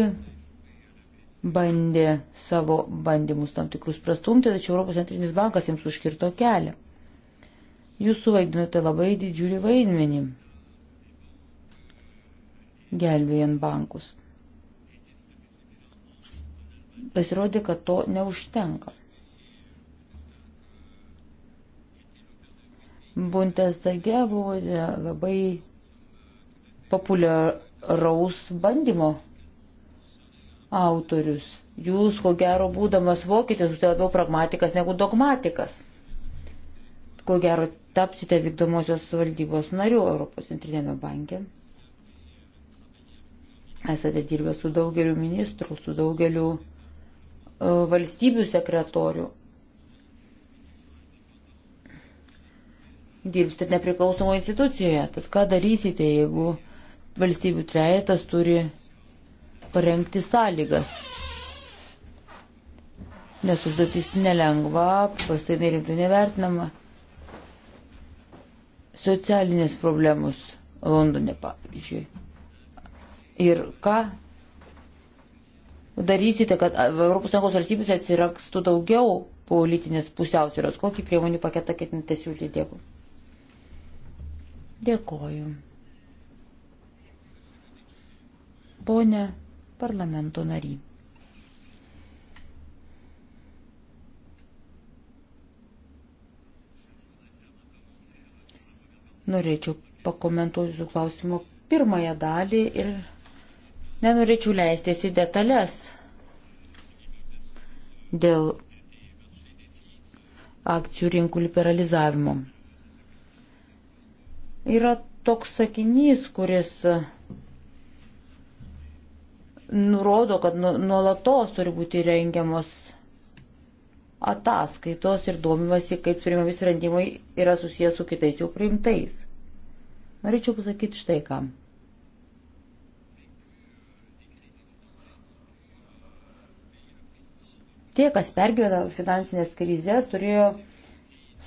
bandė savo bandymus tam tikrus prastumti, tačiau Europos centrinis bankas jiems užkirto kelią. Jūs suvaidinote labai didžiulį vaidmenį, gelbėjant bankus. Pasirodė, kad to neužtenka. Bundestage buvo e, labai populiaraus bandymo autorius. Jūs, ko gero, būdamas vokietis, būsite labiau pragmatikas negu dogmatikas. Ko gero, tapsite vykdomosios valdybos nariu Europos centrinėme banke. Esate dirbę su daugeliu ministrų, su daugeliu e, valstybių sekretorių. dirbsite nepriklausomo institucijoje. Tad ką darysite, jeigu valstybių trejetas turi parengti sąlygas? Nes užduotis nelengva, paprastai nerimtai tai nevertinama. Socialinės problemos Londone, pavyzdžiui. Ir ką darysite, kad ES valstybėse atsirakstų daugiau politinės pusiausvėros? Kokį priemonių paketą ketinate siūlyti? Dėkui. Dėkoju. Pone parlamento nary. Norėčiau pakomentuoti su klausimo pirmąją dalį ir nenorėčiau leistis į detalės dėl akcijų rinkų liberalizavimo. Yra toks sakinys, kuris e, nurodo, kad nu, nuolatos turi būti rengiamos ataskaitos ir domimasi, kaip priimami sprendimai yra susijęs su kitais jau priimtais. Norėčiau pasakyti štai ką. Tie, kas pergyveno finansinės krizės, turėjo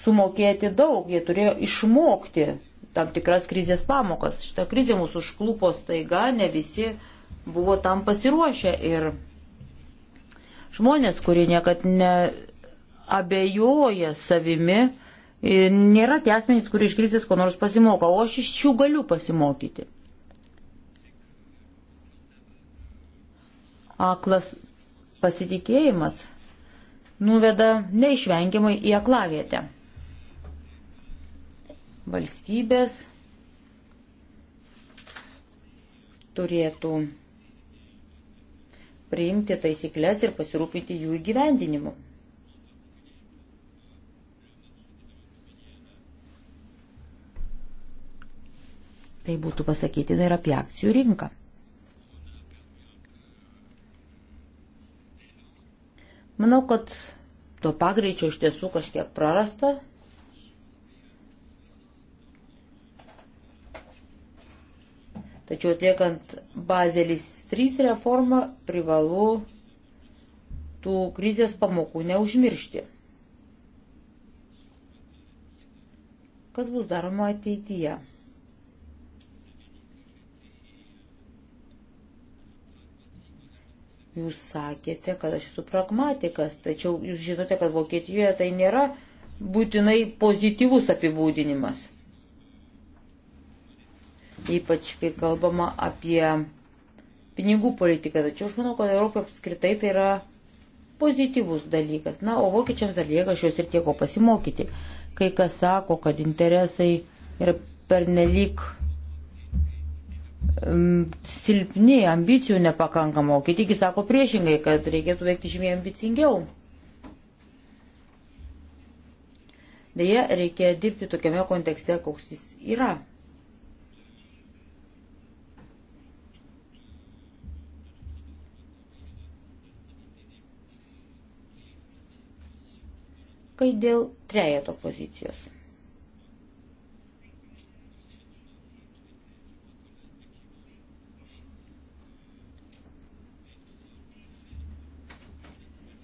sumokėti daug, jie turėjo išmokti tam tikras krizės pamokas. Šitą krizę mūsų užklupo staiga, ne visi buvo tam pasiruošę ir žmonės, kurie niekad neabejoja savimi, nėra tie asmenys, kurie iš krizės ko nors pasimoka, o aš iš jų galiu pasimokyti. Aklas pasitikėjimas nuveda neišvengiamai į aklavietę valstybės turėtų priimti taisyklės ir pasirūpinti jų įgyvendinimu. Tai būtų pasakyti dar apie akcijų rinką. Manau, kad to pagreičio iš tiesų kažkiek prarasta, Tačiau atliekant bazelis 3 reformą privalu tų krizės pamokų neužmiršti. Kas bus daroma ateityje? Jūs sakėte, kad aš esu pragmatikas, tačiau jūs žinote, kad Vokietijoje tai nėra būtinai pozityvus apibūdinimas ypač kai kalbama apie pinigų politiką. Tačiau aš manau, kad Europoje apskritai tai yra pozityvus dalykas. Na, o vokiečiams dar lieka šios ir tieko pasimokyti. Kai kas sako, kad interesai yra pernelyg um, silpni, ambicijų nepakankama, o kitigi sako priešingai, kad reikėtų veikti žymiai ambicingiau. Deja, reikia dirbti tokiame kontekste, koks jis yra. kai dėl trejeto pozicijos.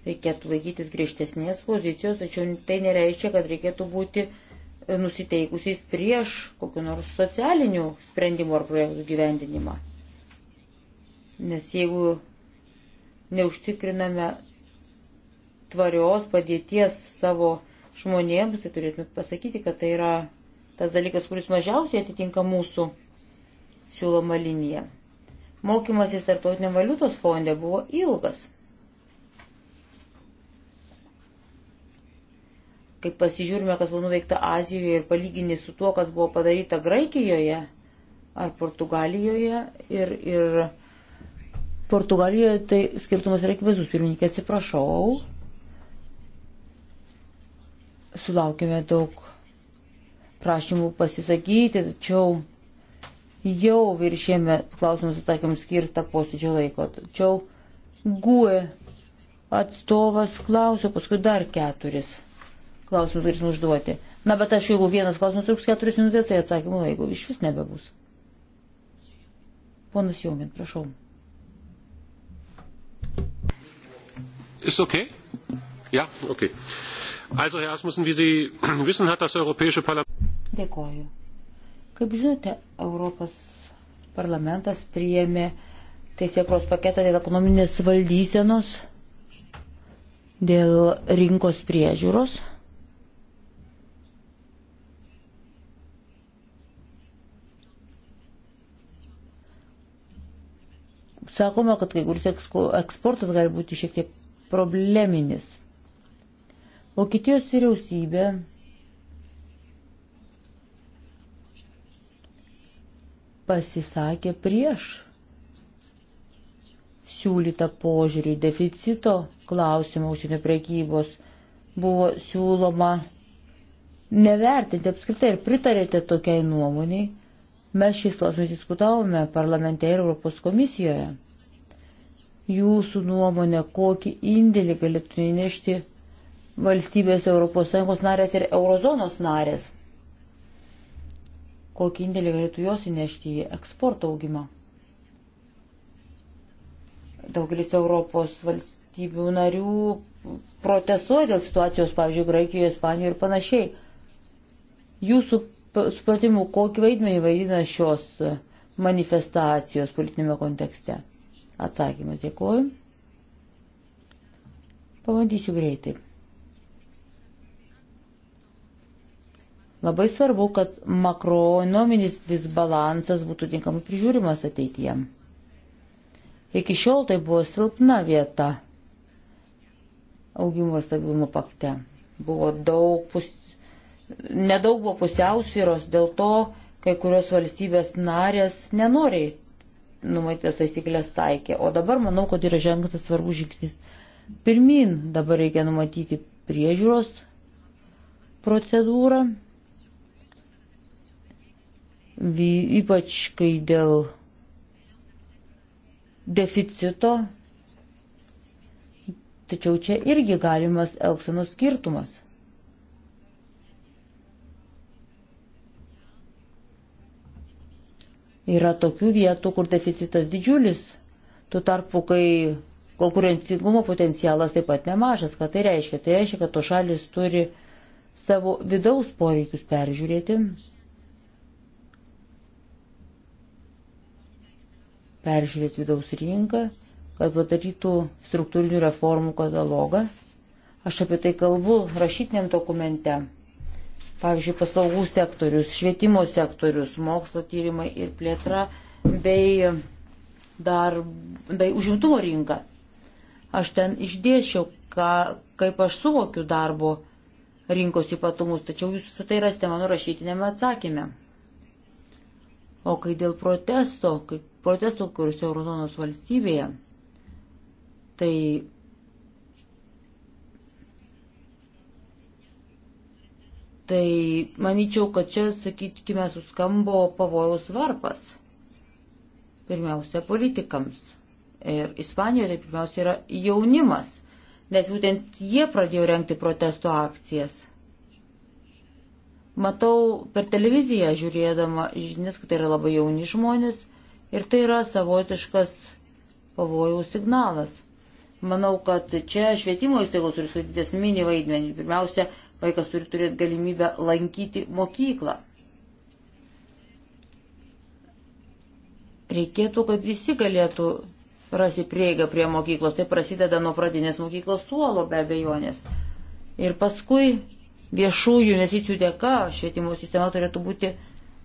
Reikėtų laikytis griežtesnės pozicijos, tačiau tai nereiškia, kad reikėtų būti nusiteikusiais prieš kokiu nors socialiniu sprendimu ar projektų gyvendinimą. Nes jeigu neužtikriname tvarios padėties savo žmonėms, tai turėtumėt pasakyti, kad tai yra tas dalykas, kuris mažiausiai atitinka mūsų siūloma linija. Mokymasis tarptautiniam valiutos fonde buvo ilgas. Kai pasižiūrime, kas buvo nuveikta Azijoje ir palyginti su tuo, kas buvo padaryta Graikijoje ar Portugalijoje ir, ir Portugalijoje, tai skirtumas yra akivaizdus. Pirmininkė, atsiprašau sulaukime daug prašymų pasisakyti, tačiau jau viršėme klausimus atsakymus skirtą posėdžio laiko. Tačiau GUE atstovas klausė, paskui dar keturis klausimus turėsim užduoti. Na, bet aš jeigu vienas klausimas truks keturis minutės, tai atsakymų laiko iš vis nebebus. Ponas Jungin, prašau. It's okay? Yeah, okay. Also, Herr Asmussen, wie Sie *clears throat* wissen, hat das Europäische Parlament. Dėkoju. Kaip žinote, Europos parlamentas priėmė teisėkros paketą dėl ekonominės valdysenos, dėl rinkos priežiūros. Sakoma, kad kai kuris eksportas gali būti šiek tiek probleminis. Vokietijos vyriausybė pasisakė prieš siūlytą požiūrį deficito klausimą užsienio prekybos. Buvo siūloma nevertinti apskritai ir pritarėte tokiai nuomoniai. Mes šis klausimas diskutavome parlamente ir Europos komisijoje. Jūsų nuomonė, kokį indėlį galėtų įnešti valstybės ES narės ir eurozonos narės. Kokį indėlį galėtų jos įnešti į eksporto augimą? Daugelis Europos valstybių narių protestuoja dėl situacijos, pavyzdžiui, Graikijoje, Ispanijoje ir panašiai. Jūsų supratimu, kokį vaidmenį vaidina šios manifestacijos politinėme kontekste? Atsakymas dėkuoju. Pabandysiu greitai. Labai svarbu, kad makroekonominis disbalansas būtų tinkamai prižiūrimas ateityje. Iki šiol tai buvo silpna vieta augimo ir stabilumo pakte. Buvo daug, pus, nedaug buvo pusiausvyros, dėl to kai kurios valstybės narės nenoriai numatytas taisyklės taikė. O dabar manau, kad yra žengtas svarbus žingsnis. Pirmin dabar reikia numatyti priežiūros procedūrą ypač kai dėl deficito, tačiau čia irgi galimas elgsenos skirtumas. Yra tokių vietų, kur deficitas didžiulis, tuo tarpu, kai konkurencingumo potencialas taip pat nemažas. Ką tai reiškia? Tai reiškia, kad to šalis turi savo vidaus poreikius peržiūrėti peržiūrėti vidaus rinką, kad padarytų struktūrinių reformų katalogą. Aš apie tai kalbu rašytiniam dokumente. Pavyzdžiui, paslaugų sektorius, švietimo sektorius, mokslo tyrimai ir plėtra bei, dar, bei užimtumo rinka. Aš ten išdėšiau, ką, kaip aš suvokiu darbo rinkos ypatumus, tačiau jūs visą tai rasite mano rašytinėme atsakymė. O kai dėl protesto, kai protestų, kuriuose Eurozonos valstybėje, tai Tai manyčiau, kad čia, sakykime, suskambo pavojaus varpas. Pirmiausia, politikams. Ir Ispanijoje tai pirmiausia yra jaunimas, nes būtent jie pradėjo renkti protesto akcijas. Matau per televiziją žiūrėdama žinias, kad tai yra labai jauni žmonės, Ir tai yra savotiškas pavojų signalas. Manau, kad čia švietimo įstaigos turi suvaidinti esminį vaidmenį. Pirmiausia, vaikas turi turėti galimybę lankyti mokyklą. Reikėtų, kad visi galėtų rasti prieigą prie mokyklos. Tai prasideda nuo pradinės mokyklos suolo be abejonės. Ir paskui viešųjų investicijų dėka švietimo sistema turėtų būti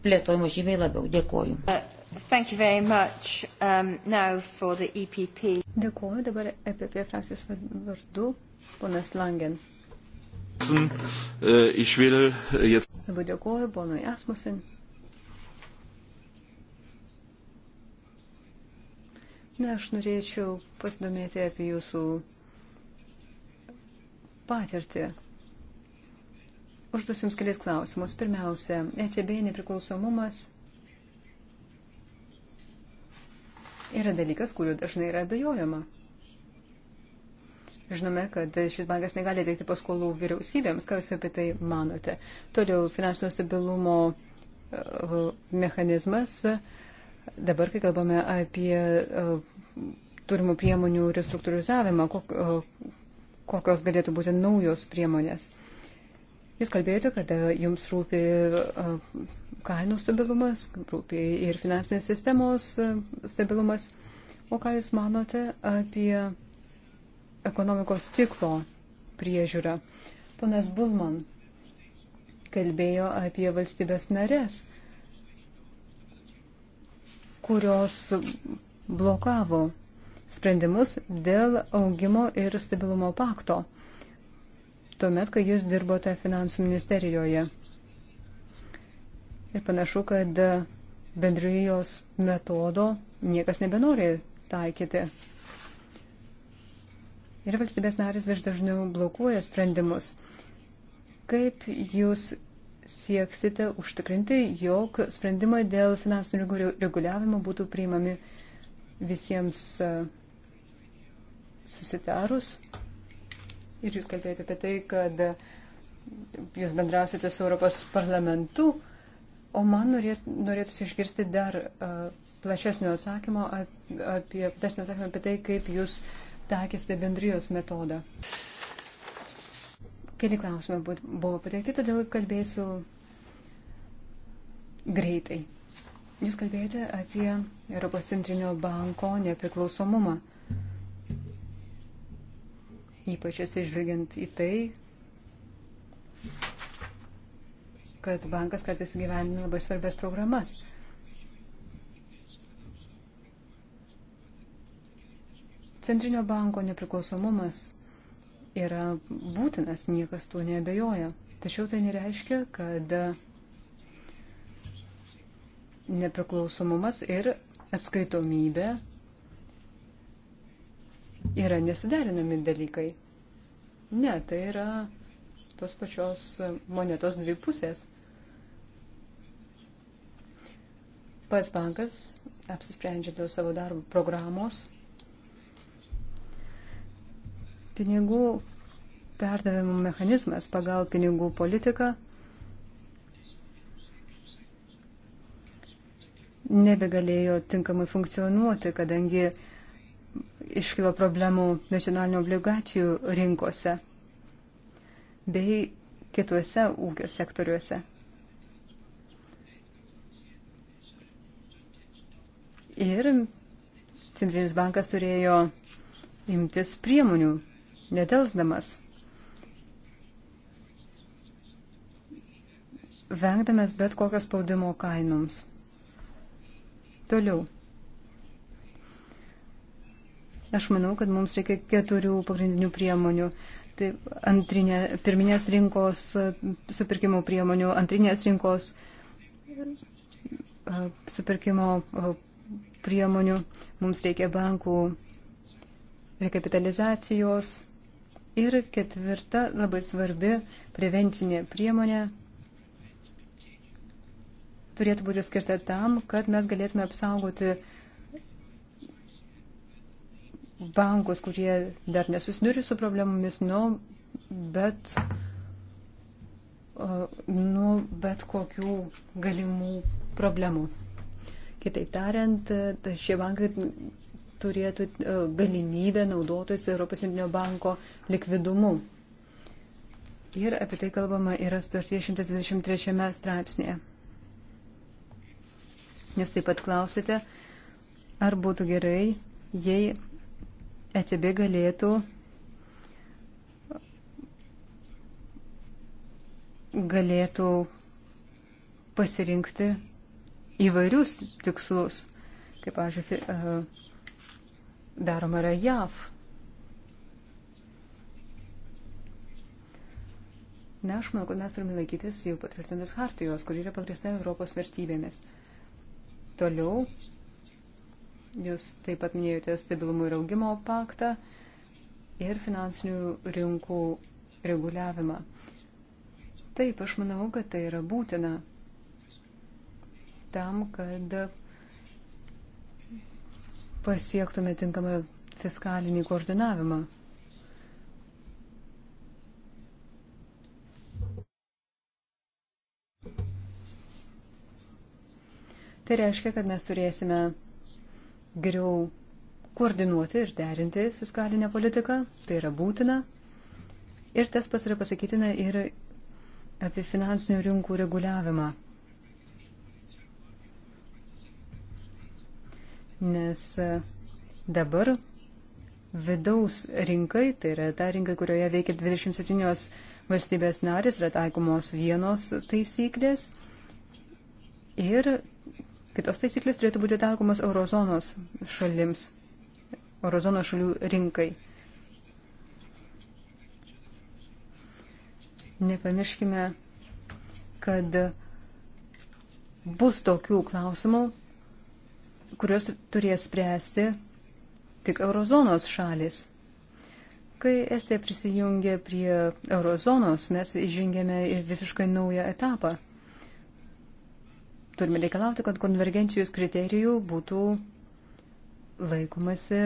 plėtojama žymiai labiau. Dėkoju. Uh, Thank you very much um, now for the EPP. Dėkuoju dabar EPP frakcijos vardu, ponas Langen. Äh, ich will äh, jetzt. Labai dėkuoju ponui Asmusen. Na, aš norėčiau pasidomėti apie jūsų patirtį. Užduosiu Jums kelias klausimus. Pirmiausia, ECB nepriklausomumas yra dalykas, kuriuo dažnai yra abejojama. Žinome, kad šis bankas negali teikti paskolų vyriausybėms. Ką Jūs apie tai manote? Toliau finansinio stabilumo e, mechanizmas. Dabar, kai kalbame apie e, turimų priemonių restruktūrizavimą, e, kokios galėtų būti naujos priemonės. Jūs kalbėjote, kad jums rūpi kainų stabilumas, rūpi ir finansinės sistemos e, stabilumas. O ką Jūs manote apie ekonomikos ciklo priežiūrą? Ponas Bulman kalbėjo apie valstybės narės, kurios blokavo sprendimus dėl augimo ir stabilumo pakto, tuomet, kai jūs dirbote finansų ministerijoje. Ir panašu, kad bendrijos metodo niekas nebenori taikyti. Ir valstybės narės vis dažniau blokuoja sprendimus. Kaip jūs sieksite užtikrinti, jog sprendimai dėl finansinių reguliavimo būtų priimami visiems e, susitarus? Ir jūs kalbėjote apie tai, kad jūs bendrausite su Europos parlamentu. O man norėt, norėtųsi išgirsti dar uh, plačesnio atsakymo apie, apie, plačesnio atsakymo apie tai, kaip jūs takėsite bendrijos metodą. Keli klausimai buvo pateikti, todėl kalbėsiu greitai. Jūs kalbėjote apie Europos centrinio banko nepriklausomumą. Ypač atsižvelgiant į tai, kad bankas kartais gyvenina labai svarbės programas. Centrinio banko nepriklausomumas yra būtinas, niekas tuo neabejoja. Tačiau tai nereiškia, kad nepriklausomumas ir atskaitomybė yra nesuderinami dalykai. Ne, tai yra tos pačios monetos dvi pusės. pats bankas apsisprendžia dėl savo darbo programos. Pinigų perdavimo mechanizmas pagal pinigų politiką nebegalėjo tinkamai funkcionuoti, kadangi iškilo problemų nacionalinių obligacijų rinkose bei kituose ūkio sektoriuose. Ir Centrinis bankas turėjo imtis priemonių, nedelsdamas. Vengdamas bet kokios spaudimo kainoms. Toliau. Aš manau, kad mums reikia keturių pagrindinių priemonių. Tai antrinė, pirminės rinkos e, supirkimo priemonių, antrinės rinkos e, supirkimo e, priemonių, mums reikia bankų rekapitalizacijos. Ir ketvirta labai svarbi prevencinė priemonė turėtų būti skirta tam, kad mes galėtume apsaugoti bankus, kurie dar nesusiduri su problemomis, nu, bet, nu, bet kokių galimų problemų. Kitaip tariant, šie bankai turėtų e, galimybę naudotis Europos Centrinio banko likvidumu. Ir apie tai kalbama yra sutarties 123 straipsnėje. Jūs taip pat klausite, ar būtų gerai, jei ECB galėtų galėtų pasirinkti įvairius tikslus, kaip, pavyzdžiui, e, daroma yra JAV. Na, aš manau, kad mes turime laikytis jau patvirtintas hartijos, kur yra pagrįsta Europos vertybėmis. Toliau, jūs taip pat minėjote stabilumo ir augimo paktą ir finansinių rinkų reguliavimą. Taip, aš manau, kad tai yra būtina tam, kad pasiektume tinkamą fiskalinį koordinavimą. Tai reiškia, kad mes turėsime geriau koordinuoti ir derinti fiskalinę politiką, tai yra būtina. Ir tas pas yra pasakytina ir apie finansinių rinkų reguliavimą. nes e, dabar vidaus rinkai, tai yra ta rinka, kurioje veikia 27 valstybės narės, yra taikomos vienos taisyklės ir kitos taisyklės turėtų būti taikomos eurozonos šalims, eurozonos šalių rinkai. Nepamirškime, kad bus tokių klausimų, kurios turės spręsti tik eurozonos šalis. Kai Estija prisijungė prie eurozonos, mes žengėme į visiškai naują etapą. Turime reikalauti, kad konvergencijos kriterijų būtų laikomasi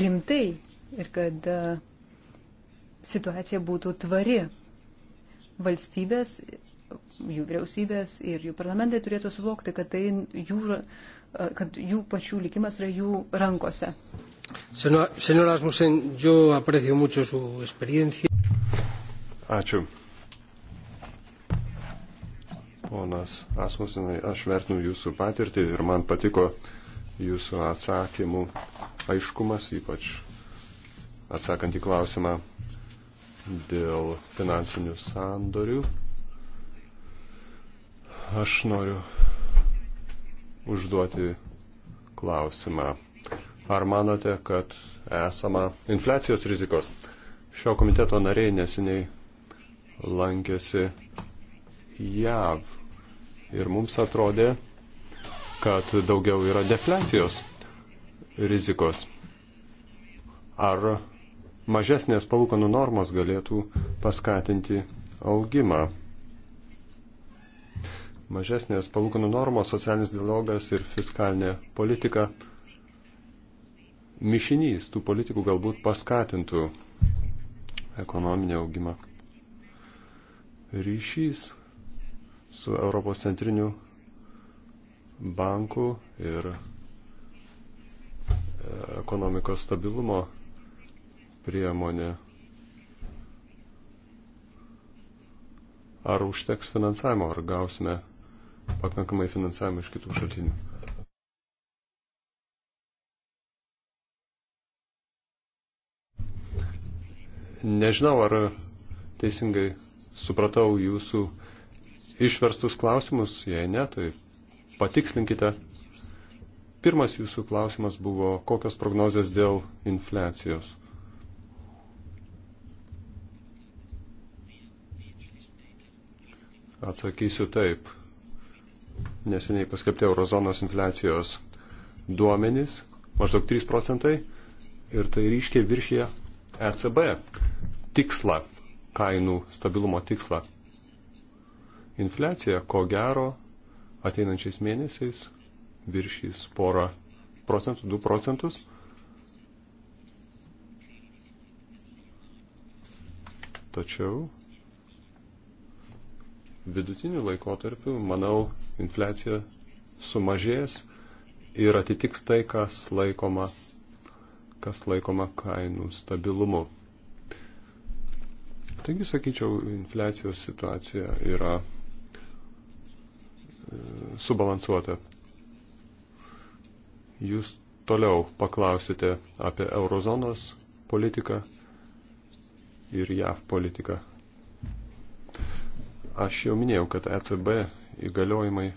rimtai ir kad e, situacija būtų tvari. Valstybės jų vyriausybės ir jų parlamentai turėtų suvokti, kad, tai jų, kad jų pačių likimas yra jų rankose. Senor Asmussen, yo aprecio mucho su experiencia. Ačiū. Ponas Asmusinai, aš vertinu jūsų patirtį ir man patiko jūsų atsakymų aiškumas, ypač atsakant į klausimą dėl finansinių sandorių Aš noriu užduoti klausimą. Ar manote, kad esama infliacijos rizikos? Šio komiteto nariai neseniai lankėsi JAV ir mums atrodė, kad daugiau yra defliacijos rizikos. Ar mažesnės palūkanų normos galėtų paskatinti augimą? mažesnės palūkanų normos, socialinis dialogas ir fiskalinė politika mišinys tų politikų galbūt paskatintų ekonominį augimą. Ryšys su Europos centriniu banku ir e, ekonomikos stabilumo priemonė. Ar užteks finansavimo, ar gausime pakankamai finansavimo iš kitų šaltinių. Nežinau, ar teisingai supratau jūsų išverstus klausimus, jei ne, tai patikslinkite. Pirmas jūsų klausimas buvo, kokios prognozijas dėl infliacijos. Atsakysiu taip neseniai paskelbti eurozonos infliacijos duomenys, maždaug 3 procentai, ir tai ryškiai viršė ECB tikslą, kainų stabilumo tikslą. Infliacija, ko gero, ateinančiais mėnesiais viršys porą procentų, 2 procentus. Tačiau vidutiniu laikotarpiu, manau, infliacija sumažės ir atitiks tai, kas laikoma, kas laikoma kainų stabilumu. Taigi, sakyčiau, infliacijos situacija yra e, subalansuota. Jūs toliau paklausite apie eurozonos politiką ir JAV politiką. Aš jau minėjau, kad ECB įgaliojimai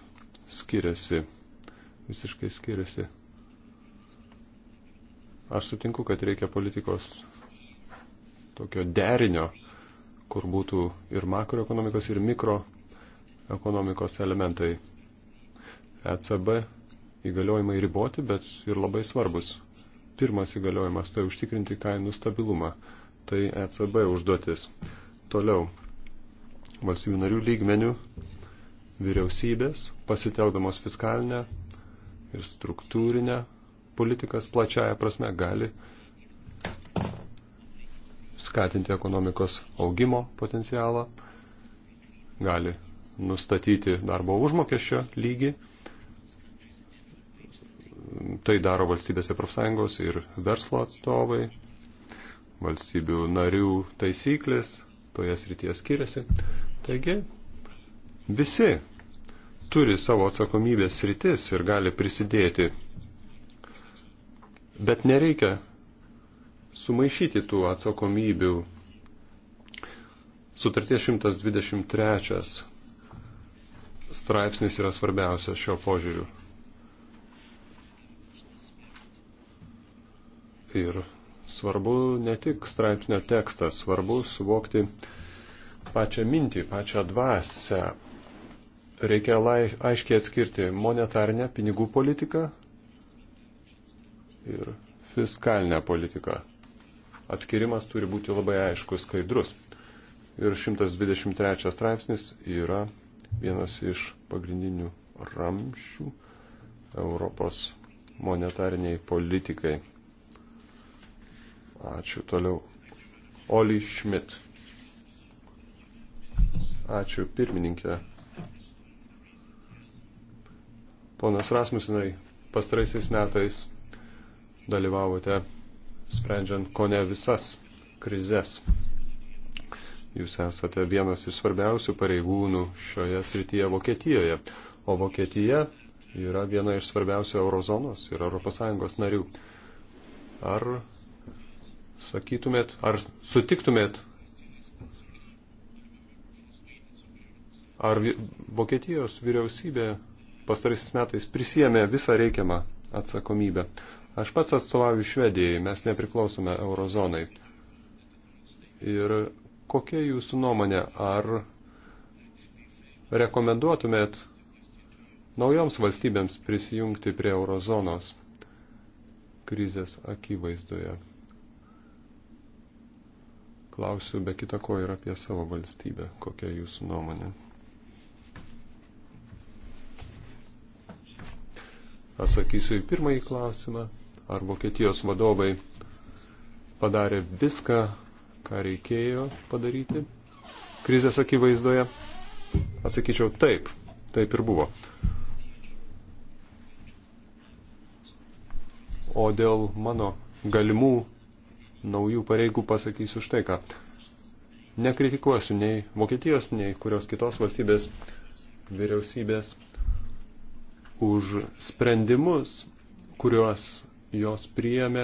skiriasi, visiškai skiriasi. Aš sutinku, kad reikia politikos tokio derinio, kur būtų ir makroekonomikos, ir mikroekonomikos elementai. ECB įgaliojimai riboti, bet ir labai svarbus. Pirmas įgaliojimas tai užtikrinti kainų stabilumą. Tai ECB užduotis. Toliau, valstybių narių lygmenių vyriausybės, pasitelkdamos fiskalinę ir struktūrinę politikas plačiaja prasme gali skatinti ekonomikos augimo potencialą, gali nustatyti darbo užmokesčio lygį. Tai daro valstybėse profsąjungos ir verslo atstovai, valstybių narių taisyklės toje srityje skiriasi. Taigi Visi turi savo atsakomybės rytis ir gali prisidėti. Bet nereikia sumaišyti tų atsakomybių. Sutarties 123 straipsnis yra svarbiausias šio požiūriu. Ir svarbu ne tik straipsnio tekstas, svarbu suvokti pačią mintį, pačią dvasę, reikia lai, aiškiai atskirti monetarinę pinigų politiką ir fiskalinę politiką. Atskirimas turi būti labai aiškus, skaidrus. Ir 123 straipsnis yra vienas iš pagrindinių ramšių Europos monetariniai politikai. Ačiū toliau. Oli Schmidt. Ačiū pirmininkė. Ponas Rasmusinai, pastaraisiais metais dalyvavote sprendžiant ko ne visas krizes. Jūs esate vienas iš svarbiausių pareigūnų šioje srityje Vokietijoje, o Vokietija yra viena iš svarbiausių eurozonos ir ES narių. Ar sakytumėt, ar sutiktumėt, ar Vokietijos vyriausybė pastarysis metais prisėmė visą reikiamą atsakomybę. Aš pats atstovauju Švedijai, mes nepriklausome eurozonai. Ir kokia jūsų nuomonė, ar rekomenduotumėt naujoms valstybėms prisijungti prie eurozonos krizės akivaizdoje? Klausiu be kita ko ir apie savo valstybę. Kokia jūsų nuomonė? Atsakysiu į pirmąjį klausimą. Ar Vokietijos vadovai padarė viską, ką reikėjo padaryti krizės akivaizdoje? Atsakyčiau taip. Taip ir buvo. O dėl mano galimų naujų pareigų pasakysiu štai ką. Nekritikuosiu nei Vokietijos, nei kurios kitos valstybės vyriausybės už sprendimus, kuriuos jos priėmė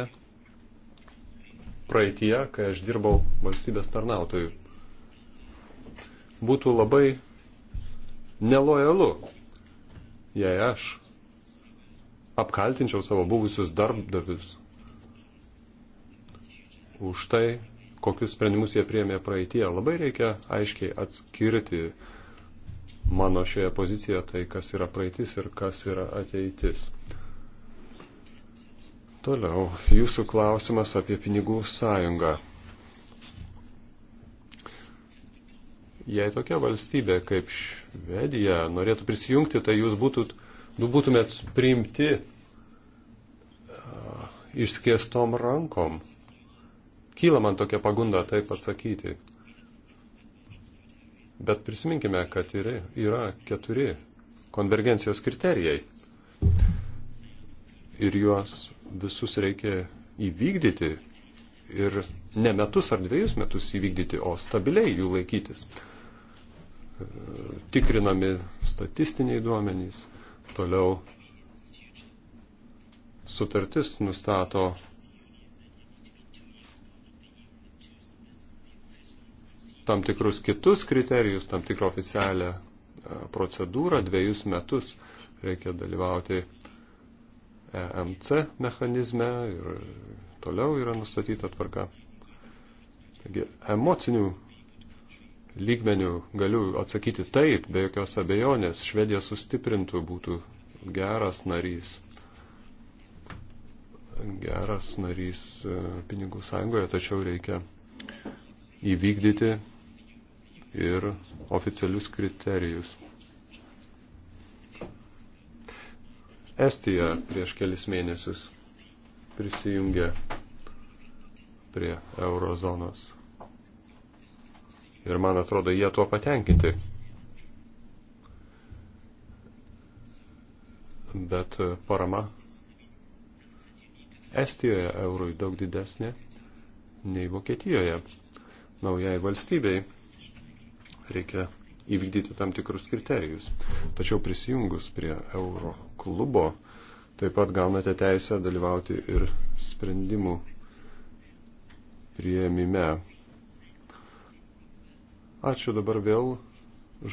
praeitie, kai aš dirbau valstybės tarnautojų. Būtų labai nelojalu, jei aš apkaltinčiau savo buvusius darbdavius už tai, kokius sprendimus jie priėmė praeitie. Labai reikia aiškiai atskirti mano šioje pozicijoje tai, kas yra praeitis ir kas yra ateitis. Toliau, jūsų klausimas apie pinigų sąjungą. Jei tokia valstybė kaip Švedija norėtų prisijungti, tai jūs būtut, nu, būtumėt priimti uh, išskėstom rankom. Kyla man tokia pagunda taip atsakyti. Bet prisiminkime, kad yra, yra keturi konvergencijos kriterijai. Ir juos visus reikia įvykdyti ir ne metus ar dviejus metus įvykdyti, o stabiliai jų laikytis. Tikrinami statistiniai duomenys, toliau sutartis nustato tam tikrus kitus kriterijus, tam tikrą oficialią e, procedūrą, dviejus metus reikia dalyvauti EMC mechanizme ir toliau yra nustatyta tvarka. Taigi emocinių lygmenių galiu atsakyti taip, be jokios abejonės, Švedija sustiprintų būtų geras narys. Geras narys e, pinigų sąjungoje, tačiau reikia įvykdyti ir oficialius kriterijus. Estija prieš kelis mėnesius prisijungė prie eurozonos. Ir man atrodo, jie tuo patenkinti. Bet e, parama Estijoje eurui daug didesnė nei Vokietijoje, naujai valstybei reikia įvykdyti tam tikrus kriterijus. Tačiau prisijungus prie euro klubo taip pat gaunate teisę dalyvauti ir sprendimų prieimime. Ačiū dabar vėl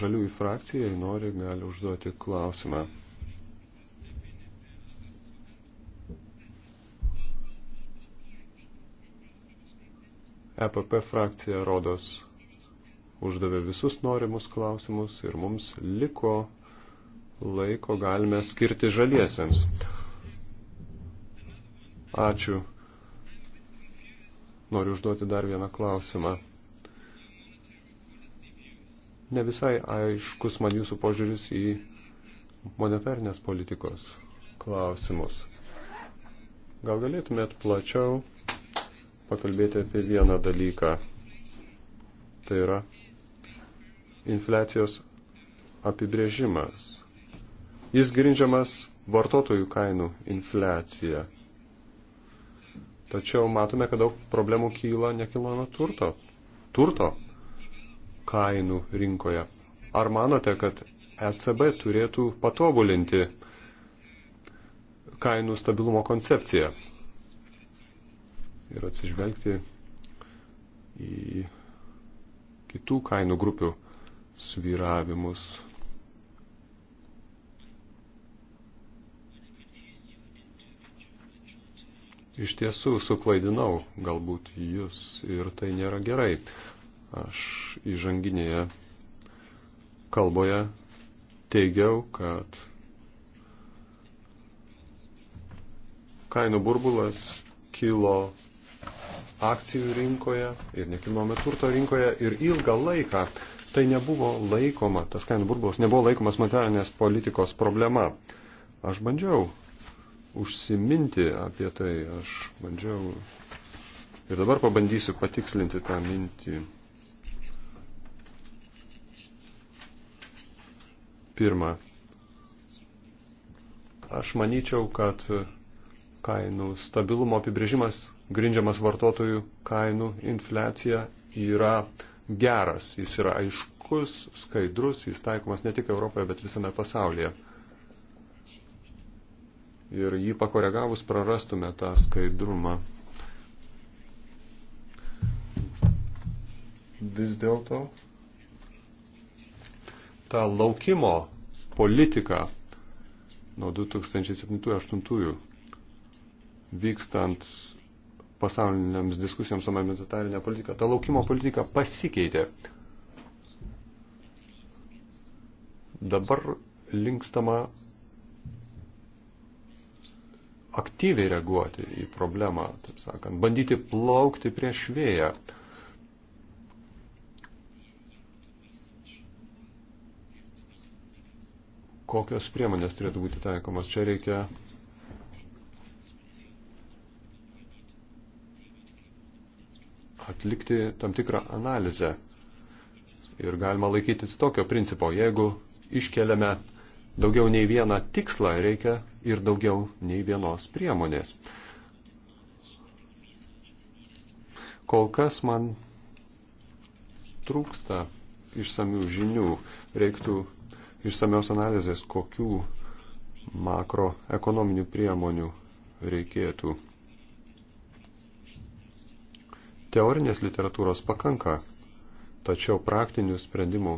žaliųjų frakcijai, nori, gali užduoti klausimą. EPP frakcija rodos uždavė visus norimus klausimus ir mums liko laiko galime skirti žaliesiems. Ačiū. Noriu užduoti dar vieną klausimą. Ne visai aiškus man jūsų požiūris į monetarnės politikos klausimus. Gal galėtumėt plačiau pakalbėti apie vieną dalyką. Tai yra infliacijos apibrėžimas. Jis grindžiamas vartotojų kainų infliacija. Tačiau matome, kad daug problemų kyla nekilnojamo turto, turto kainų rinkoje. Ar manote, kad ECB turėtų patobulinti kainų stabilumo koncepciją ir atsižvelgti į kitų kainų grupių sviravimus. Iš tiesų suklaidinau galbūt jūs ir tai nėra gerai. Aš įžanginėje kalboje teigiau, kad kainų burbulas kilo akcijų rinkoje ir nekilnojamo turto rinkoje ir ilgą laiką Tai nebuvo laikoma, tas kainų burbulas nebuvo laikomas materialinės politikos problema. Aš bandžiau užsiminti apie tai, aš bandžiau ir dabar pabandysiu patikslinti tą mintį. Pirma, aš manyčiau, kad kainų stabilumo apibrėžimas grindžiamas vartotojų kainų infliacija yra geras, jis yra aiškus, skaidrus, jis taikomas ne tik Europoje, bet visame pasaulyje. Ir jį pakoregavus prarastume tą skaidrumą. Vis dėlto tą laukimo politiką nuo 2007-2008 vykstant pasauliniams diskusijoms apie humanitarinę politiką, ta laukimo politika pasikeitė. Dabar linkstama aktyviai reaguoti į problemą, taip sakant, bandyti plaukti prieš vėją. Kokios priemonės turėtų būti taikomas? Čia reikia atlikti tam tikrą analizę. Ir galima laikytis tokio principo, jeigu iškeliame daugiau nei vieną tikslą, reikia ir daugiau nei vienos priemonės. Kol kas man trūksta išsamių žinių, reiktų išsamios analizės, kokių makroekonominių priemonių reikėtų Teorinės literatūros pakanka, tačiau praktinių sprendimų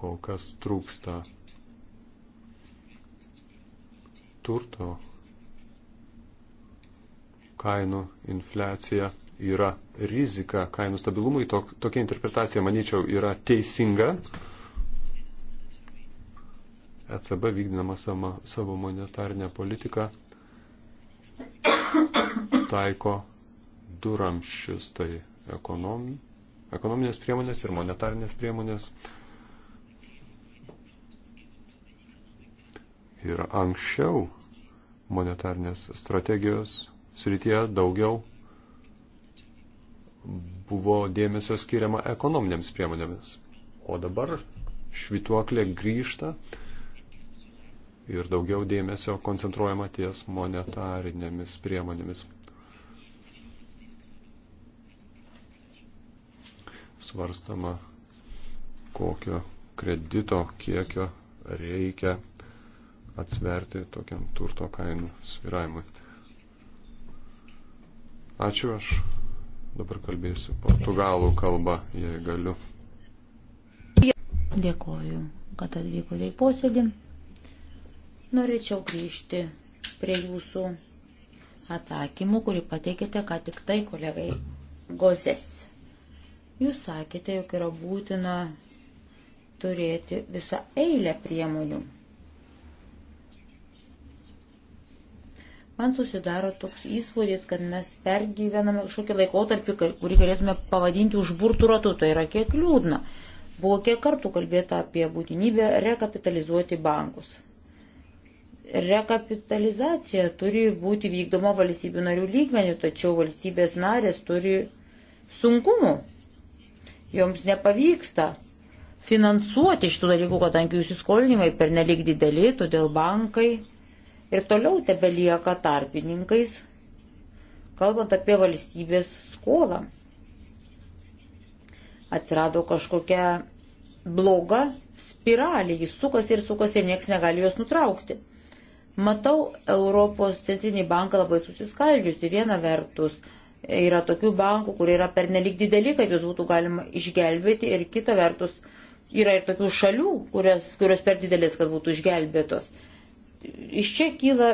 kol kas trūksta. Turto kainų infliacija yra rizika kainų stabilumui. Tok, tokia interpretacija, manyčiau, yra teisinga. ECB vykdinama sama, savo monetarinę politiką taiko duramščius, tai ekonom, ekonominės priemonės ir monetarinės priemonės. Ir anksčiau monetarnės strategijos srityje daugiau buvo dėmesio skiriama ekonominėms priemonėmis. O dabar švituoklė grįžta ir daugiau dėmesio koncentruojama ties monetarinėmis priemonėmis. Svarstama, kokio kredito kiekio reikia atsverti tokiam turto kainų sviravimui. Ačiū, aš dabar kalbėsiu portugalų kalbą, jei galiu. Dėkoju, kad atvykote į posėdį. Norėčiau grįžti prie jūsų atsakymų, kurį pateikėte ką tik tai kolegai Gozės. Jūs sakėte, jog yra būtina turėti visą eilę priemonių. Man susidaro toks įspūdis, kad mes pergyvename kažkokį laikotarpį, kurį galėtume pavadinti užburtų ratų. Tai yra kiek liūdna. Buvo kiek kartų kalbėta apie būtinybę rekapitalizuoti bankus. Rekapitalizacija turi būti vykdoma valstybių narių lygmenių, tačiau valstybės narės turi sunkumų. Joms nepavyksta finansuoti šitų dalykų, kadangi jų įsiskolinimai per nelik dideli, todėl bankai ir toliau tebelieka tarpininkais, kalbant apie valstybės skolą. Atsirado kažkokia bloga spiralė, jis sukasi ir sukasi ir niekas negali jos nutraukti. Matau Europos centrinį banką labai susiskaldžiusi. Viena vertus yra tokių bankų, kurie yra pernelik dideli, kad juos būtų galima išgelbėti, ir kita vertus yra ir tokių šalių, kurios, kurios per didelis, kad būtų išgelbėtos. Iš čia kyla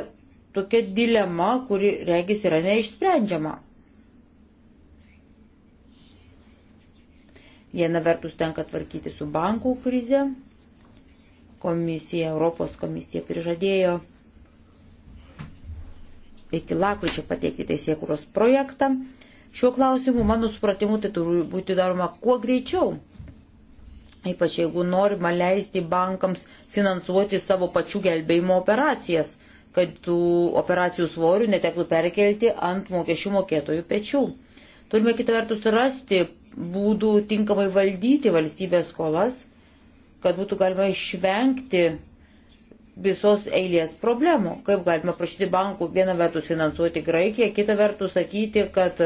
tokia dilema, kuri regis yra neišsprendžiama. Viena vertus tenka tvarkyti su bankų krize. Komisija, Europos komisija prižadėjo iki lakryčio pateikti teisėkuros projektą. Šiuo klausimu, mano supratimu, tai turi būti daroma kuo greičiau. Ypač jeigu norima leisti bankams finansuoti savo pačių gelbėjimo operacijas, kad tų operacijų svorių netektų perkelti ant mokesčių mokėtojų pečių. Turime kitą vertus rasti būdų tinkamai valdyti valstybės skolas, kad būtų galima išvengti visos eilės problemų. Kaip galima prašyti bankų vieną vertus finansuoti Graikiją, kitą vertus sakyti, kad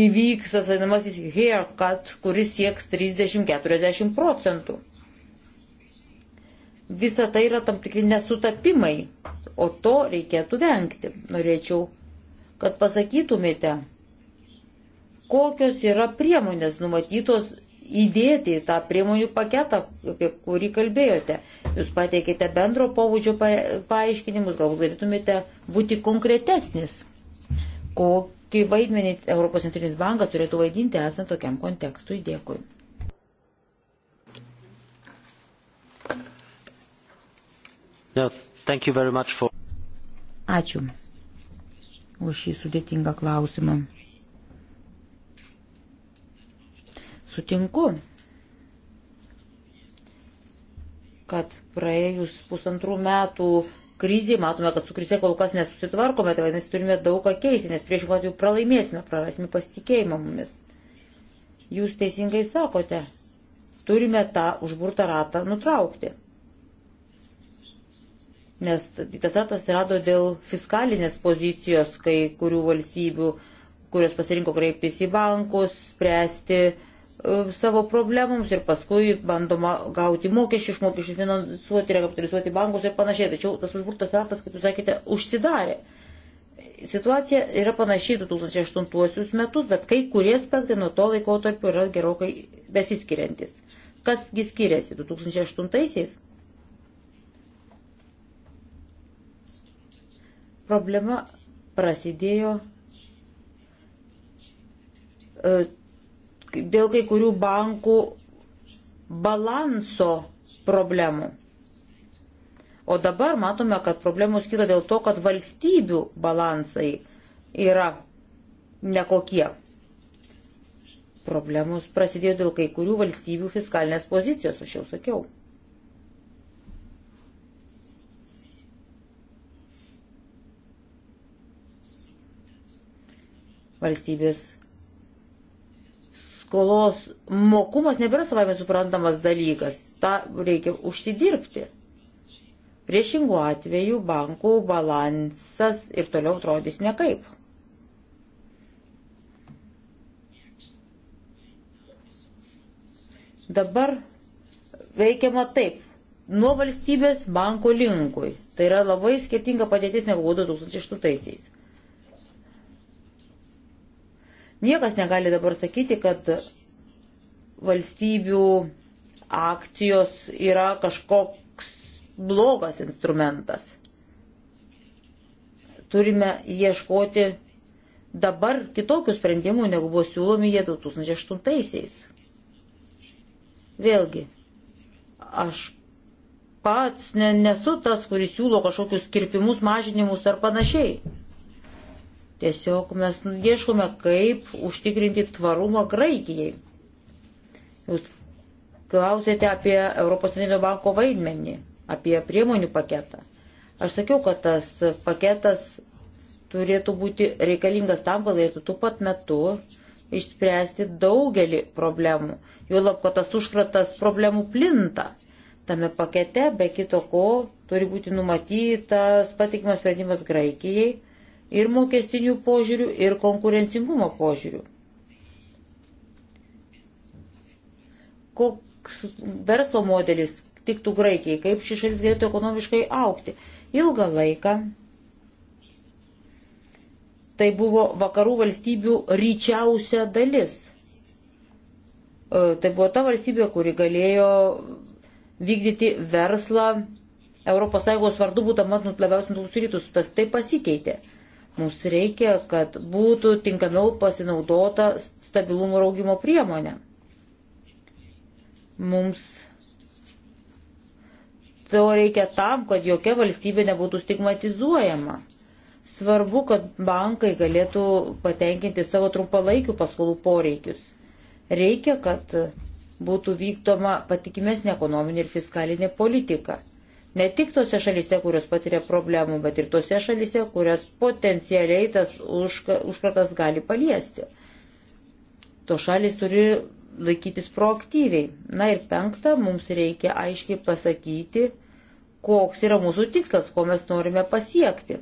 įvyks tas vadinamasis haircut, e kuris sieks 30-40 procentų. Visa tai yra tam tikri nesutapimai, o to reikėtų vengti. Norėčiau, kad pasakytumėte, kokios yra priemonės numatytos įdėti į tą priemonių paketą, apie kurį kalbėjote. Jūs pateikite bendro pobūdžio paaiškinimus, galbūt galėtumėte būti konkretesnis. Kokį vaidmenį Europos centrinis bankas turėtų vaidinti esant tokiam kontekstui? Dėkui. No, for... Ačiū už šį sudėtingą klausimą. Sutinku, kad praėjus pusantrų metų krizį, matome, kad su krize kol kas nesusitvarkome, tai vadinasi turime daug ką keisti, nes priešingų atveju pralaimėsime, prarasime pasitikėjimą mumis. Jūs teisingai sakote, turime tą užburtą ratą nutraukti. Nes tas ratas atsirado dėl fiskalinės pozicijos kai kurių valstybių, kurios pasirinko kreiptis į bankus, spręsti E, savo problemams ir paskui bandoma gauti mokesčių, iš mokesčių finansuoti, rekapitalizuoti bankus ir panašiai. Tačiau tas užburtas ratas, kaip jūs sakėte, užsidarė. Situacija yra panašiai 2008 metus, bet kai kurie aspektai nuo to laiko tarp yra gerokai besiskiriantis. Kasgi skiriasi 2008-aisiais? Problema prasidėjo. E, dėl kai kurių bankų balanso problemų. O dabar matome, kad problemos kyla dėl to, kad valstybių balansai yra nekokie. Problemos prasidėjo dėl kai kurių valstybių fiskalinės pozicijos, aš jau sakiau. Valstybės skolos mokumas nebėra savai suprantamas dalykas, tą reikia užsidirbti. Priešingų atveju bankų balansas ir toliau atrodys nekaip. Dabar veikiama taip, nuo valstybės banko linkui. Tai yra labai skirtinga padėtis negu buvo 2008-aisiais. Niekas negali dabar sakyti, kad valstybių akcijos yra kažkoks blogas instrumentas. Turime ieškoti dabar kitokių sprendimų, negu buvo siūlomi jie 2008-aisiais. Vėlgi, aš pats ne, nesu tas, kuris siūlo kažkokius kirpimus, mažinimus ar panašiai. Tiesiog mes nu, ieškome, kaip užtikrinti tvarumą Graikijai. Jūs klausėte apie Europos Centrinio banko vaidmenį, apie priemonių paketą. Aš sakiau, kad tas paketas turėtų būti reikalingas tam, kad galėtų tuo pat metu išspręsti daugelį problemų. Jo lab, kad tas užkratas problemų plinta. Tame pakete, be kito ko, turi būti numatytas patikimas sprendimas Graikijai ir mokestinių požiūrių, ir konkurencingumo požiūrių. Koks verslo modelis tiktų Graikijai, kaip ši šalis galėtų ekonomiškai aukti. Ilgą laiką tai buvo vakarų valstybių ryčiausia dalis. E, tai buvo ta valstybė, kuri galėjo vykdyti verslą ES vardu, būdama nu, labiausiai nutūstytus, tas tai pasikeitė. Mums reikia, kad būtų tinkamiau pasinaudota stabilumo ir augimo priemonė. Mums to reikia tam, kad jokia valstybė nebūtų stigmatizuojama. Svarbu, kad bankai galėtų patenkinti savo trumpalaikių paskolų poreikius. Reikia, kad būtų vykdoma patikimesnė ekonominė ir fiskalinė politika Ne tik tose šalise, kurios patiria problemų, bet ir tose šalise, kurias potencialiai tas užkratas gali paliesti. To šalis turi laikytis proaktyviai. Na ir penkta, mums reikia aiškiai pasakyti, koks yra mūsų tikslas, ko mes norime pasiekti.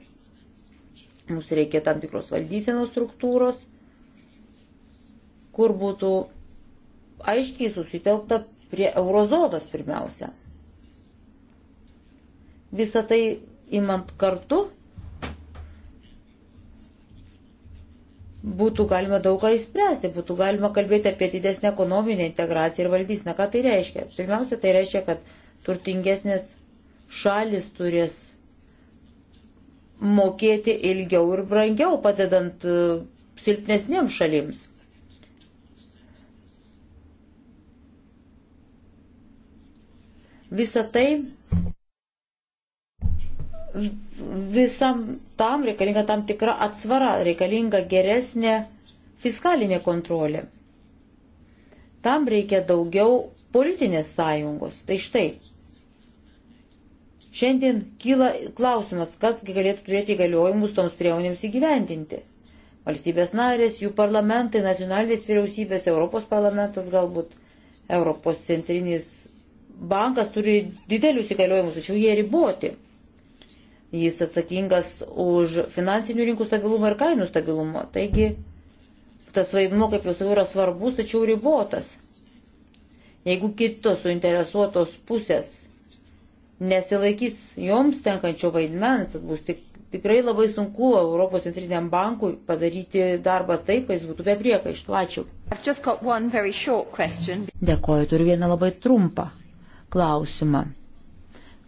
Mums reikia tam tikros valdysenos struktūros, kur būtų aiškiai susitelkta prie eurozonos pirmiausia visą tai imant kartu, būtų galima daug ką įspręsti, būtų galima kalbėti apie didesnę ekonominę integraciją ir valdysiną. Ką tai reiškia? Pirmiausia, tai reiškia, kad turtingesnės šalis turės mokėti ilgiau ir brangiau, padedant e, silpnesniems šalims. Visą tai visam tam reikalinga tam tikra atsvara, reikalinga geresnė fiskalinė kontrolė. Tam reikia daugiau politinės sąjungos. Tai štai. Šiandien kyla klausimas, kas galėtų turėti įgaliojimus toms priemonėms įgyvendinti. Valstybės narės, jų parlamentai, nacionalinės vyriausybės, Europos parlamentas galbūt, Europos centrinis bankas turi didelius įgaliojimus, tačiau jie riboti. Jis atsakingas už finansinių rinkų stabilumą ir kainų stabilumą. Taigi tas vaidmuo, kaip jau sakiau, yra svarbus, tačiau ribotas. Jeigu kitos suinteresuotos pusės nesilaikys joms tenkančio vaidmens, bus tik, tikrai labai sunku Europos centriniam bankui padaryti darbą taip, kad jis būtų be priekaištų. Ačiū. Dėkoju, turiu vieną labai trumpą klausimą.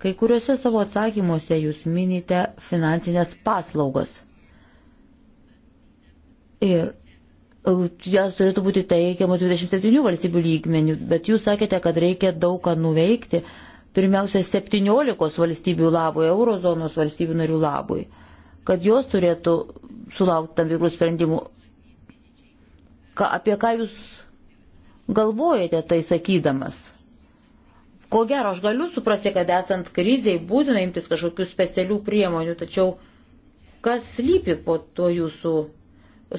Kai kuriuose savo atsakymuose jūs minite finansinės paslaugas. Ir e, jas turėtų būti teikiamos 27 valstybių lygmenių, bet jūs sakėte, kad reikia daug ką nuveikti, pirmiausia, 17 valstybių labui, eurozonos valstybių narių labui, kad jos turėtų sulaukti tam tikrų sprendimų. Ka, apie ką jūs galvojate tai sakydamas? Ko gero, aš galiu suprasti, kad esant kriziai būtina imtis kažkokių specialių priemonių, tačiau kas lypi po tuo jūsų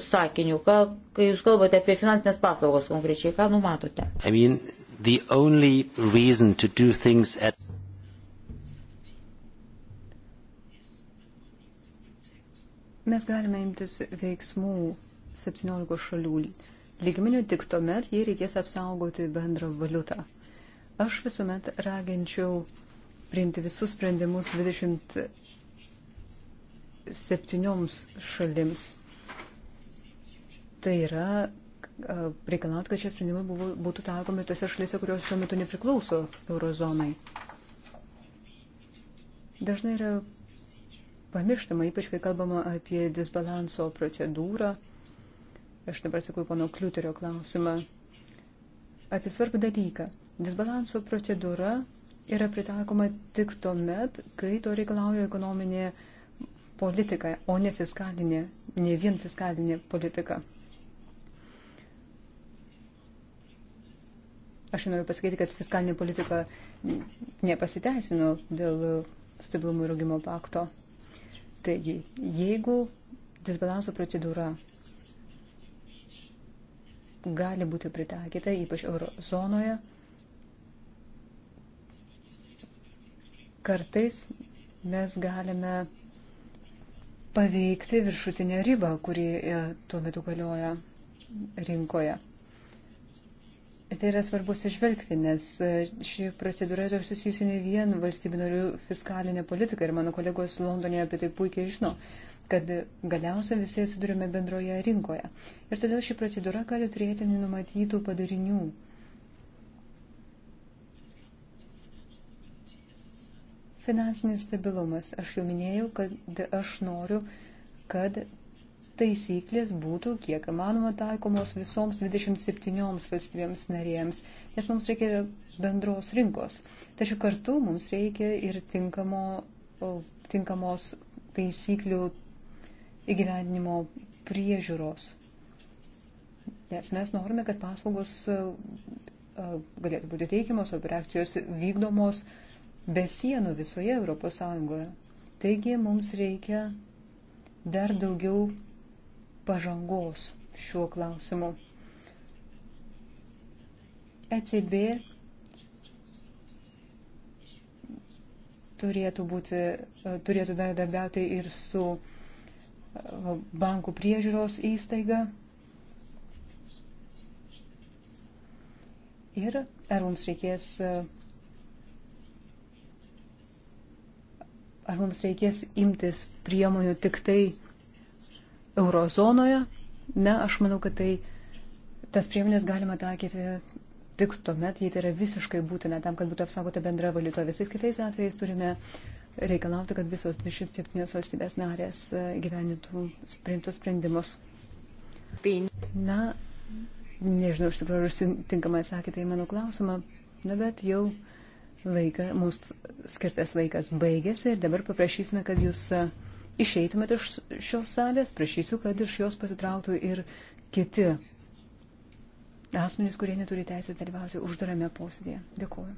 sakiniu, ką, kai jūs kalbate apie finansinės paslaugas konkrečiai, ką numatote? I mean, at... Mes galime imtis veiksmų 17 šalių lygmenių tik tuomet, jei reikės apsaugoti bendrą valiutą. Aš visuomet raginčiau priimti visus sprendimus 27 šalims. Tai yra reikalauti, kad šie sprendimai buvo, būtų taikomi ir tose šalyse, kurios šiuo metu nepriklauso eurozonai. Dažnai yra pamirštama, ypač kai kalbama apie disbalanso procedūrą. Aš dabar sakau pono Kliuterio klausimą apie svarbų dalyką. Disbalanso procedūra yra pritaikoma tik tuomet, kai to reikalauja ekonominė politika, o ne fiskalinė, ne vien fiskalinė politika. Aš noriu pasakyti, kad fiskalinė politika nepasiteisino dėl stabilumo ir augimo pakto. Taigi, jeigu disbalanso procedūra gali būti pritaikyta, ypač eurozonoje, zonoje, Kartais mes galime paveikti viršutinę ribą, kuri e, tuo metu galioja rinkoje. Ir tai yra svarbus išvelgti, nes e, ši procedūra yra susijusi ne vien valstybių narių fiskalinė politika ir mano kolegos Londonėje apie tai puikiai žino, kad galiausiai visi atsidurime bendroje rinkoje. Ir todėl ši procedūra gali turėti nenumatytų padarinių. Finansinis stabilumas. Aš jau minėjau, kad aš noriu, kad taisyklės būtų kiek įmanoma taikomos visoms 27 valstybėms narėms, nes mums reikia bendros rinkos. Tačiau kartu mums reikia ir tinkamo, tinkamos taisyklių įgyvendinimo priežiūros. Nes mes norime, kad paslaugos galėtų būti teikiamos, operacijos vykdomos be sienų visoje Europos Sąjungoje. Taigi mums reikia dar daugiau pažangos šiuo klausimu. ECB turėtų, būti, e, turėtų bendradarbiauti ir su e, bankų priežiūros įstaiga. Ir ar mums reikės uh, ar mums reikės imtis priemonių tik tai eurozonoje? Ne, aš manau, kad tai tas priemonės galima taikyti tik tuomet, jei tai yra visiškai būtina tam, kad būtų apsaugota bendra valiuta. Visais kitais atvejais turime reikalauti, kad visos 27 valstybės narės e, gyvenintų priimtus sprendimus. Na, nežinau, iš tikrųjų, ar jūs tinkamai atsakėte į mano klausimą, na, bet jau Laika, mūsų skirtas laikas baigėsi ir dabar paprašysime, kad jūs e, išeitumėt iš šios salės, prašysiu, kad iš jos pasitrauktų ir kiti asmenys, kurie neturi teisės dalyvauti uždarame posėdėje. Dėkuoju.